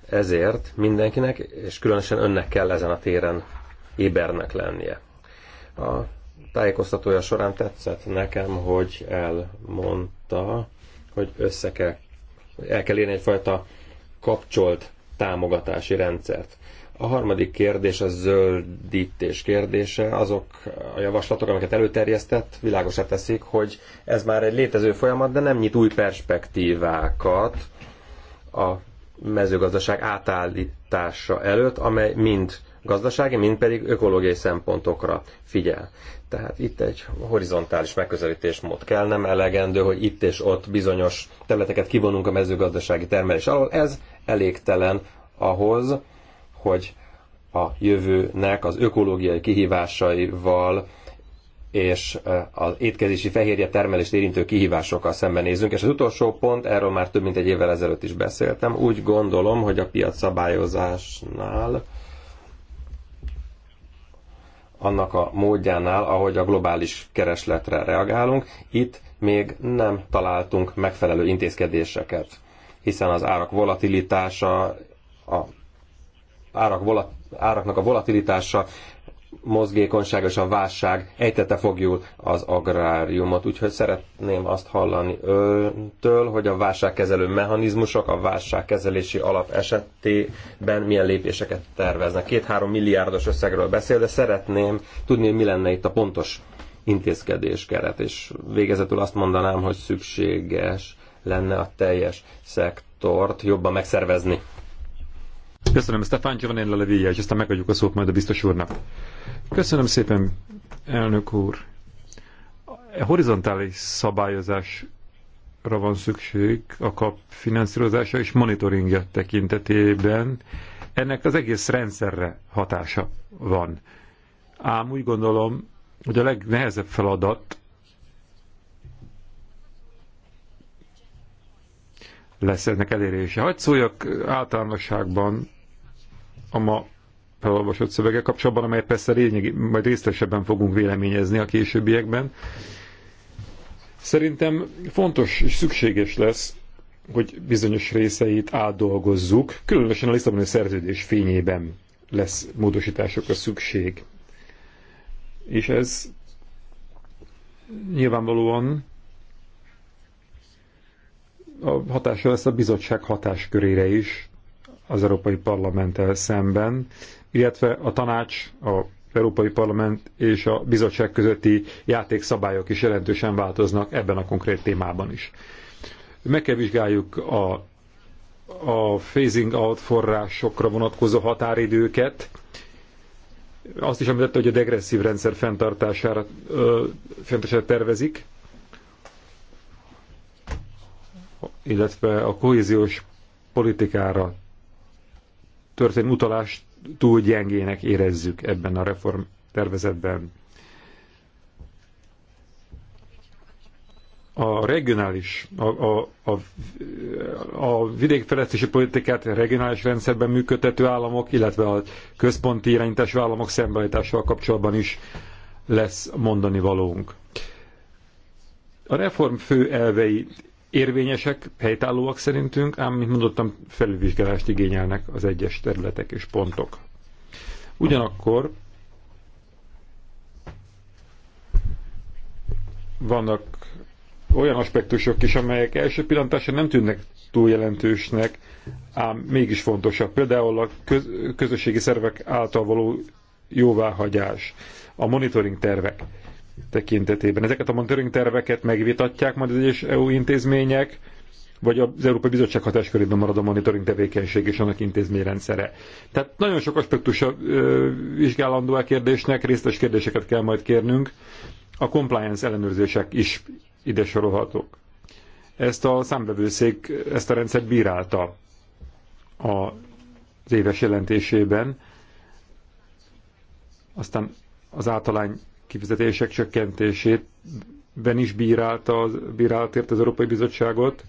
Ezért mindenkinek, és különösen önnek kell ezen a téren ébernek lennie. A tájékoztatója során tetszett nekem, hogy elmondta, hogy össze kell, el kell érni egyfajta kapcsolt támogatási rendszert. A harmadik kérdés a zöldítés kérdése. Azok a javaslatok, amiket előterjesztett, világosra teszik, hogy ez már egy létező folyamat, de nem nyit új perspektívákat a mezőgazdaság átállítása előtt, amely mind gazdasági, mind pedig ökológiai szempontokra figyel. Tehát itt egy horizontális megközelítésmód kell, nem elegendő, hogy itt és ott bizonyos területeket kivonunk a mezőgazdasági termelés alól. Ez elégtelen ahhoz, hogy a jövőnek az ökológiai kihívásaival és eh, az étkezési fehérje termelést érintő kihívásokkal szembenézünk. És az utolsó pont, erről már több mint egy évvel ezelőtt is beszéltem, úgy gondolom, hogy a piac szabályozásnál annak a módjánál, ahogy a globális keresletre reagálunk, itt még nem találtunk megfelelő intézkedéseket, hiszen az árak volatilitása, a árak volat, áraknak a volatilitása, mozgékonyság és a válság ejtete fogjul az agráriumot. Úgyhogy szeretném azt hallani öntől, hogy a válságkezelő mechanizmusok a válságkezelési alap esetében milyen lépéseket terveznek. Két-három milliárdos összegről beszél, de szeretném tudni, hogy mi lenne itt a pontos intézkedés keret, és végezetül azt mondanám, hogy szükséges lenne a teljes szektort jobban megszervezni. Köszönöm, Stefán Giovanni Levia, és aztán megadjuk a szót majd a biztos úrnak. Köszönöm szépen, elnök úr. A horizontális szabályozásra van szükség a kap finanszírozása és monitoringja tekintetében. Ennek az egész rendszerre hatása van. Ám úgy gondolom, hogy a legnehezebb feladat lesz ennek elérése. Hagy szóljak általánosságban a ma felolvasott szövege kapcsolatban, amely persze lényegi, majd részletesebben fogunk véleményezni a későbbiekben. Szerintem fontos és szükséges lesz, hogy bizonyos részeit átdolgozzuk, különösen a Lisszaboni szerződés fényében lesz módosításokra szükség. És ez nyilvánvalóan a hatása lesz a bizottság hatáskörére is, az Európai Parlamenttel szemben, illetve a tanács, a Európai Parlament és a bizottság közötti játékszabályok is jelentősen változnak ebben a konkrét témában is. Meg kell vizsgáljuk a, a phasing out forrásokra vonatkozó határidőket, azt is említette, hogy a degresszív rendszer fenntartására, ö, fenntartására tervezik, illetve a kohéziós politikára történő utalást túl gyengének érezzük ebben a reform tervezetben. a regionális, a, a, a, a vidékfejlesztési politikát a regionális rendszerben működtető államok, illetve a központi irányítású államok szembeállításával kapcsolatban is lesz mondani valónk. A reform fő elveit érvényesek, helytállóak szerintünk, ám, mint mondottam, felülvizsgálást igényelnek az egyes területek és pontok. Ugyanakkor vannak olyan aspektusok is, amelyek első pillantásra nem tűnnek túl jelentősnek, ám mégis fontosak. Például a köz közösségi szervek által való jóváhagyás, a monitoring tervek tekintetében. Ezeket a monitoring terveket megvitatják majd az egyes EU intézmények, vagy az Európai Bizottság hatáskörében marad a monitoring tevékenység és annak intézményrendszere. Tehát nagyon sok aspektusa vizsgálandó a kérdésnek, részletes kérdéseket kell majd kérnünk. A compliance ellenőrzések is ide sorolhatók. Ezt a számbevőszék, ezt a rendszert bírálta az éves jelentésében. Aztán az általány kifizetések csökkentését ben is bírálta, az, bíráltért az Európai Bizottságot.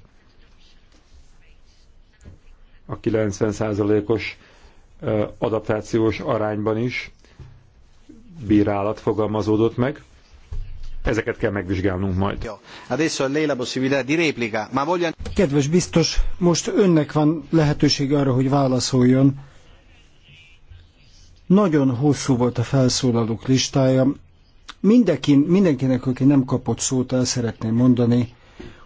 A 90%-os adaptációs arányban is bírálat fogalmazódott meg. Ezeket kell megvizsgálnunk majd. Hát Kedves biztos, most önnek van lehetőség arra, hogy válaszoljon. Nagyon hosszú volt a felszólalók listája, Mindenki, mindenkinek, aki nem kapott szót, el szeretném mondani,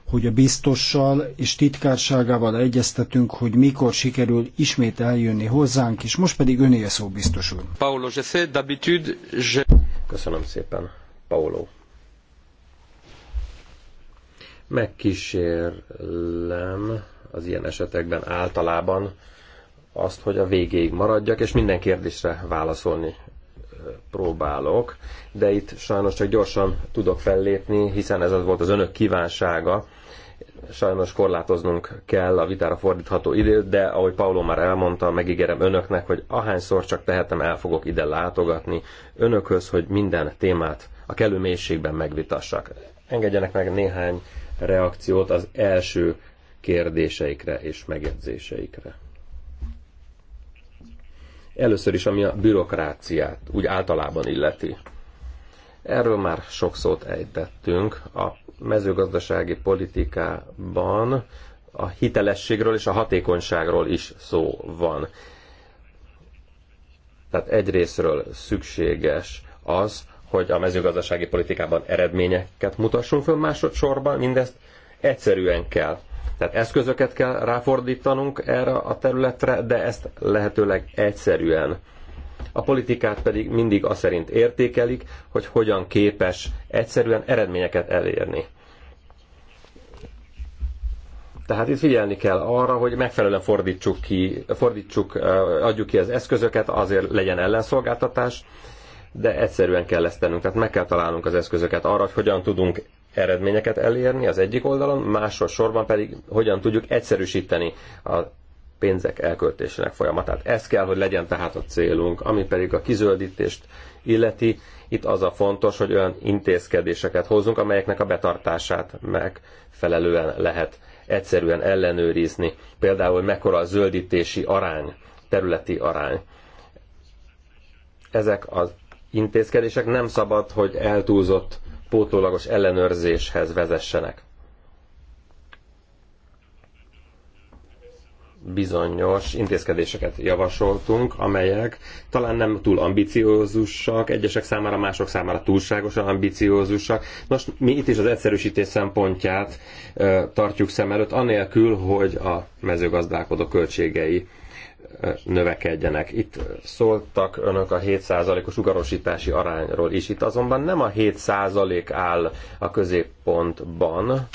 hogy a biztossal és titkárságával egyeztetünk, hogy mikor sikerül ismét eljönni hozzánk, és most pedig öné a szó biztos úr. Paolo, je sais, d'habitude, je... Köszönöm szépen, Paolo. Megkísérlem az ilyen esetekben általában azt, hogy a végéig maradjak, és minden kérdésre válaszolni próbálok, de itt sajnos csak gyorsan tudok fellépni, hiszen ez az volt az önök kívánsága. Sajnos korlátoznunk kell a vitára fordítható időt, de ahogy Paulo már elmondta, megígérem önöknek, hogy ahányszor csak tehetem, el fogok ide látogatni önökhöz, hogy minden témát a kellő mélységben megvitassak. Engedjenek meg néhány reakciót az első kérdéseikre és megjegyzéseikre. Először is, ami a bürokráciát úgy általában illeti. Erről már sok szót ejtettünk. A mezőgazdasági politikában a hitelességről és a hatékonyságról is szó van. Tehát egyrésztről szükséges az, hogy a mezőgazdasági politikában eredményeket mutassunk föl másodszorban, mindezt egyszerűen kell tehát eszközöket kell ráfordítanunk erre a területre, de ezt lehetőleg egyszerűen. A politikát pedig mindig az szerint értékelik, hogy hogyan képes egyszerűen eredményeket elérni. Tehát itt figyelni kell arra, hogy megfelelően fordítsuk ki, fordítsuk, adjuk ki az eszközöket, azért legyen ellenszolgáltatás, de egyszerűen kell ezt tennünk. Tehát meg kell találnunk az eszközöket arra, hogy hogyan tudunk eredményeket elérni az egyik oldalon, máshol sorban pedig hogyan tudjuk egyszerűsíteni a pénzek elköltésének folyamatát. Ez kell, hogy legyen tehát a célunk, ami pedig a kizöldítést illeti. Itt az a fontos, hogy olyan intézkedéseket hozzunk, amelyeknek a betartását megfelelően lehet egyszerűen ellenőrizni. Például mekkora a zöldítési arány, területi arány. Ezek az intézkedések nem szabad, hogy eltúlzott pótlólagos ellenőrzéshez vezessenek. bizonyos intézkedéseket javasoltunk, amelyek talán nem túl ambiciózusak, egyesek számára, mások számára túlságosan ambiciózusak. Nos, mi itt is az egyszerűsítés szempontját ö, tartjuk szem előtt, anélkül, hogy a mezőgazdálkodó költségei növekedjenek. Itt szóltak önök a 7%-os ugarosítási arányról is. Itt azonban nem a 7% áll a középpontban.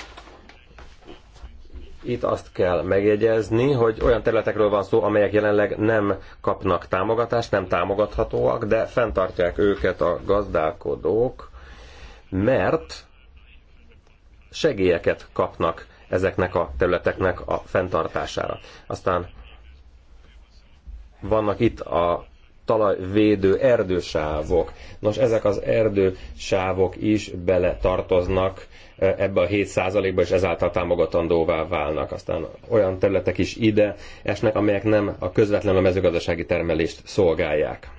Itt azt kell megjegyezni, hogy olyan területekről van szó, amelyek jelenleg nem kapnak támogatást, nem támogathatóak, de fenntartják őket a gazdálkodók, mert segélyeket kapnak ezeknek a területeknek a fenntartására. Aztán vannak itt a talajvédő erdősávok. Nos, ezek az erdősávok is bele tartoznak e, ebbe a 7%-ba, és ezáltal támogatandóvá válnak. Aztán olyan területek is ide esnek, amelyek nem a közvetlen a mezőgazdasági termelést szolgálják.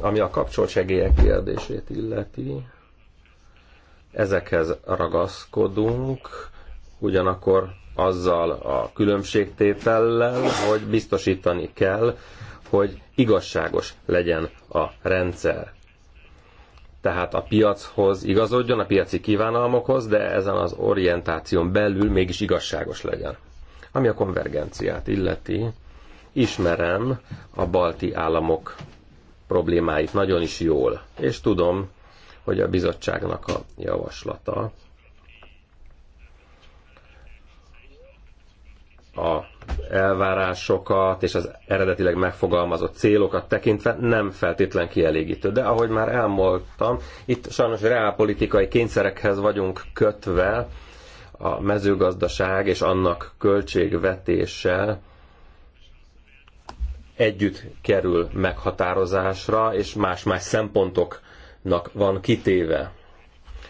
Ami a kapcsoltsegélyek kérdését illeti, ezekhez ragaszkodunk, ugyanakkor azzal a különbségtétellel, hogy biztosítani kell, hogy igazságos legyen a rendszer. Tehát a piachoz igazodjon, a piaci kívánalmokhoz, de ezen az orientáción belül mégis igazságos legyen. Ami a konvergenciát illeti, ismerem a balti államok problémáit nagyon is jól, és tudom, hogy a bizottságnak a javaslata a elvárásokat és az eredetileg megfogalmazott célokat tekintve nem feltétlen kielégítő. De ahogy már elmondtam, itt sajnos reálpolitikai kényszerekhez vagyunk kötve, a mezőgazdaság és annak költségvetése együtt kerül meghatározásra, és más-más szempontoknak van kitéve.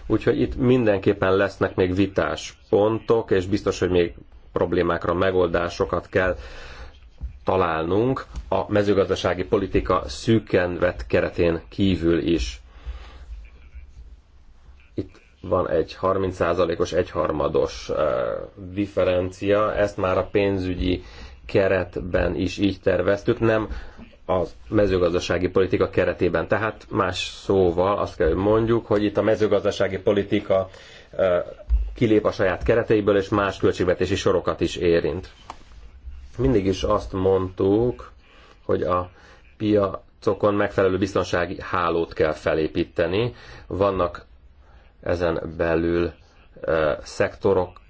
Úgyhogy itt mindenképpen lesznek még vitás pontok, és biztos, hogy még problémákra megoldásokat kell találnunk a mezőgazdasági politika szűken vett keretén kívül is. Itt van egy 30%-os, egyharmados uh, differencia, ezt már a pénzügyi keretben is így terveztük, nem a mezőgazdasági politika keretében. Tehát más szóval azt kell, hogy mondjuk, hogy itt a mezőgazdasági politika kilép a saját kereteiből, és más költségvetési sorokat is érint. Mindig is azt mondtuk, hogy a piacokon megfelelő biztonsági hálót kell felépíteni. Vannak ezen belül szektorok,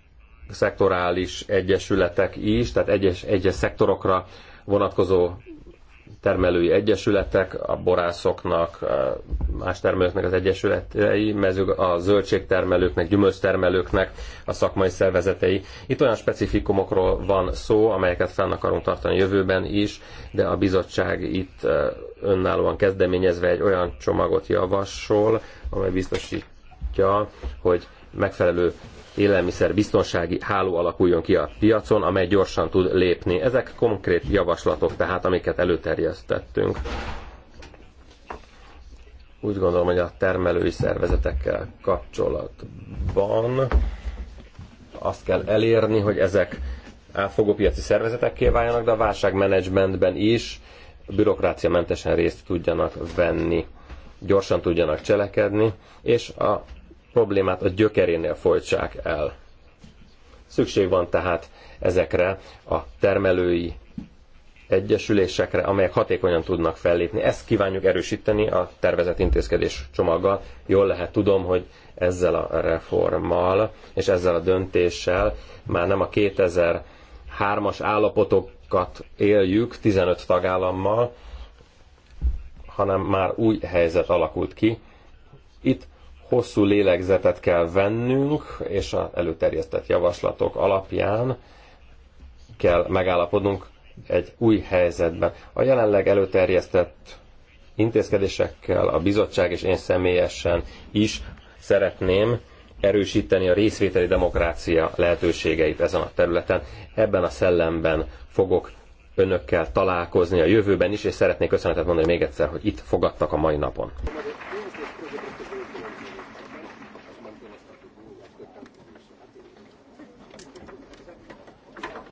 szektorális egyesületek is, tehát egyes, egyes szektorokra vonatkozó termelői egyesületek, a borászoknak, más termelőknek az egyesületei, mezőg, a zöldségtermelőknek, gyümölcstermelőknek, a szakmai szervezetei. Itt olyan specifikumokról van szó, amelyeket fenn akarunk tartani jövőben is, de a bizottság itt önállóan kezdeményezve egy olyan csomagot javasol, amely biztosítja, hogy megfelelő élelmiszer biztonsági háló alakuljon ki a piacon, amely gyorsan tud lépni. Ezek konkrét javaslatok tehát, amiket előterjesztettünk. Úgy gondolom, hogy a termelői szervezetekkel kapcsolatban azt kell elérni, hogy ezek átfogó piaci szervezetekké váljanak, de a válságmenedzsmentben is bürokráciamentesen részt tudjanak venni, gyorsan tudjanak cselekedni, és a problémát a gyökerénél folytsák el. Szükség van tehát ezekre a termelői egyesülésekre, amelyek hatékonyan tudnak fellépni. Ezt kívánjuk erősíteni a tervezett intézkedés csomaggal. Jól lehet, tudom, hogy ezzel a reformmal és ezzel a döntéssel már nem a 2003-as állapotokat éljük 15 tagállammal, hanem már új helyzet alakult ki. Itt hosszú lélegzetet kell vennünk, és az előterjesztett javaslatok alapján kell megállapodnunk egy új helyzetben. A jelenleg előterjesztett intézkedésekkel a bizottság és én személyesen is szeretném erősíteni a részvételi demokrácia lehetőségeit ezen a területen. Ebben a szellemben fogok önökkel találkozni a jövőben is, és szeretnék köszönetet mondani még egyszer, hogy itt fogadtak a mai napon.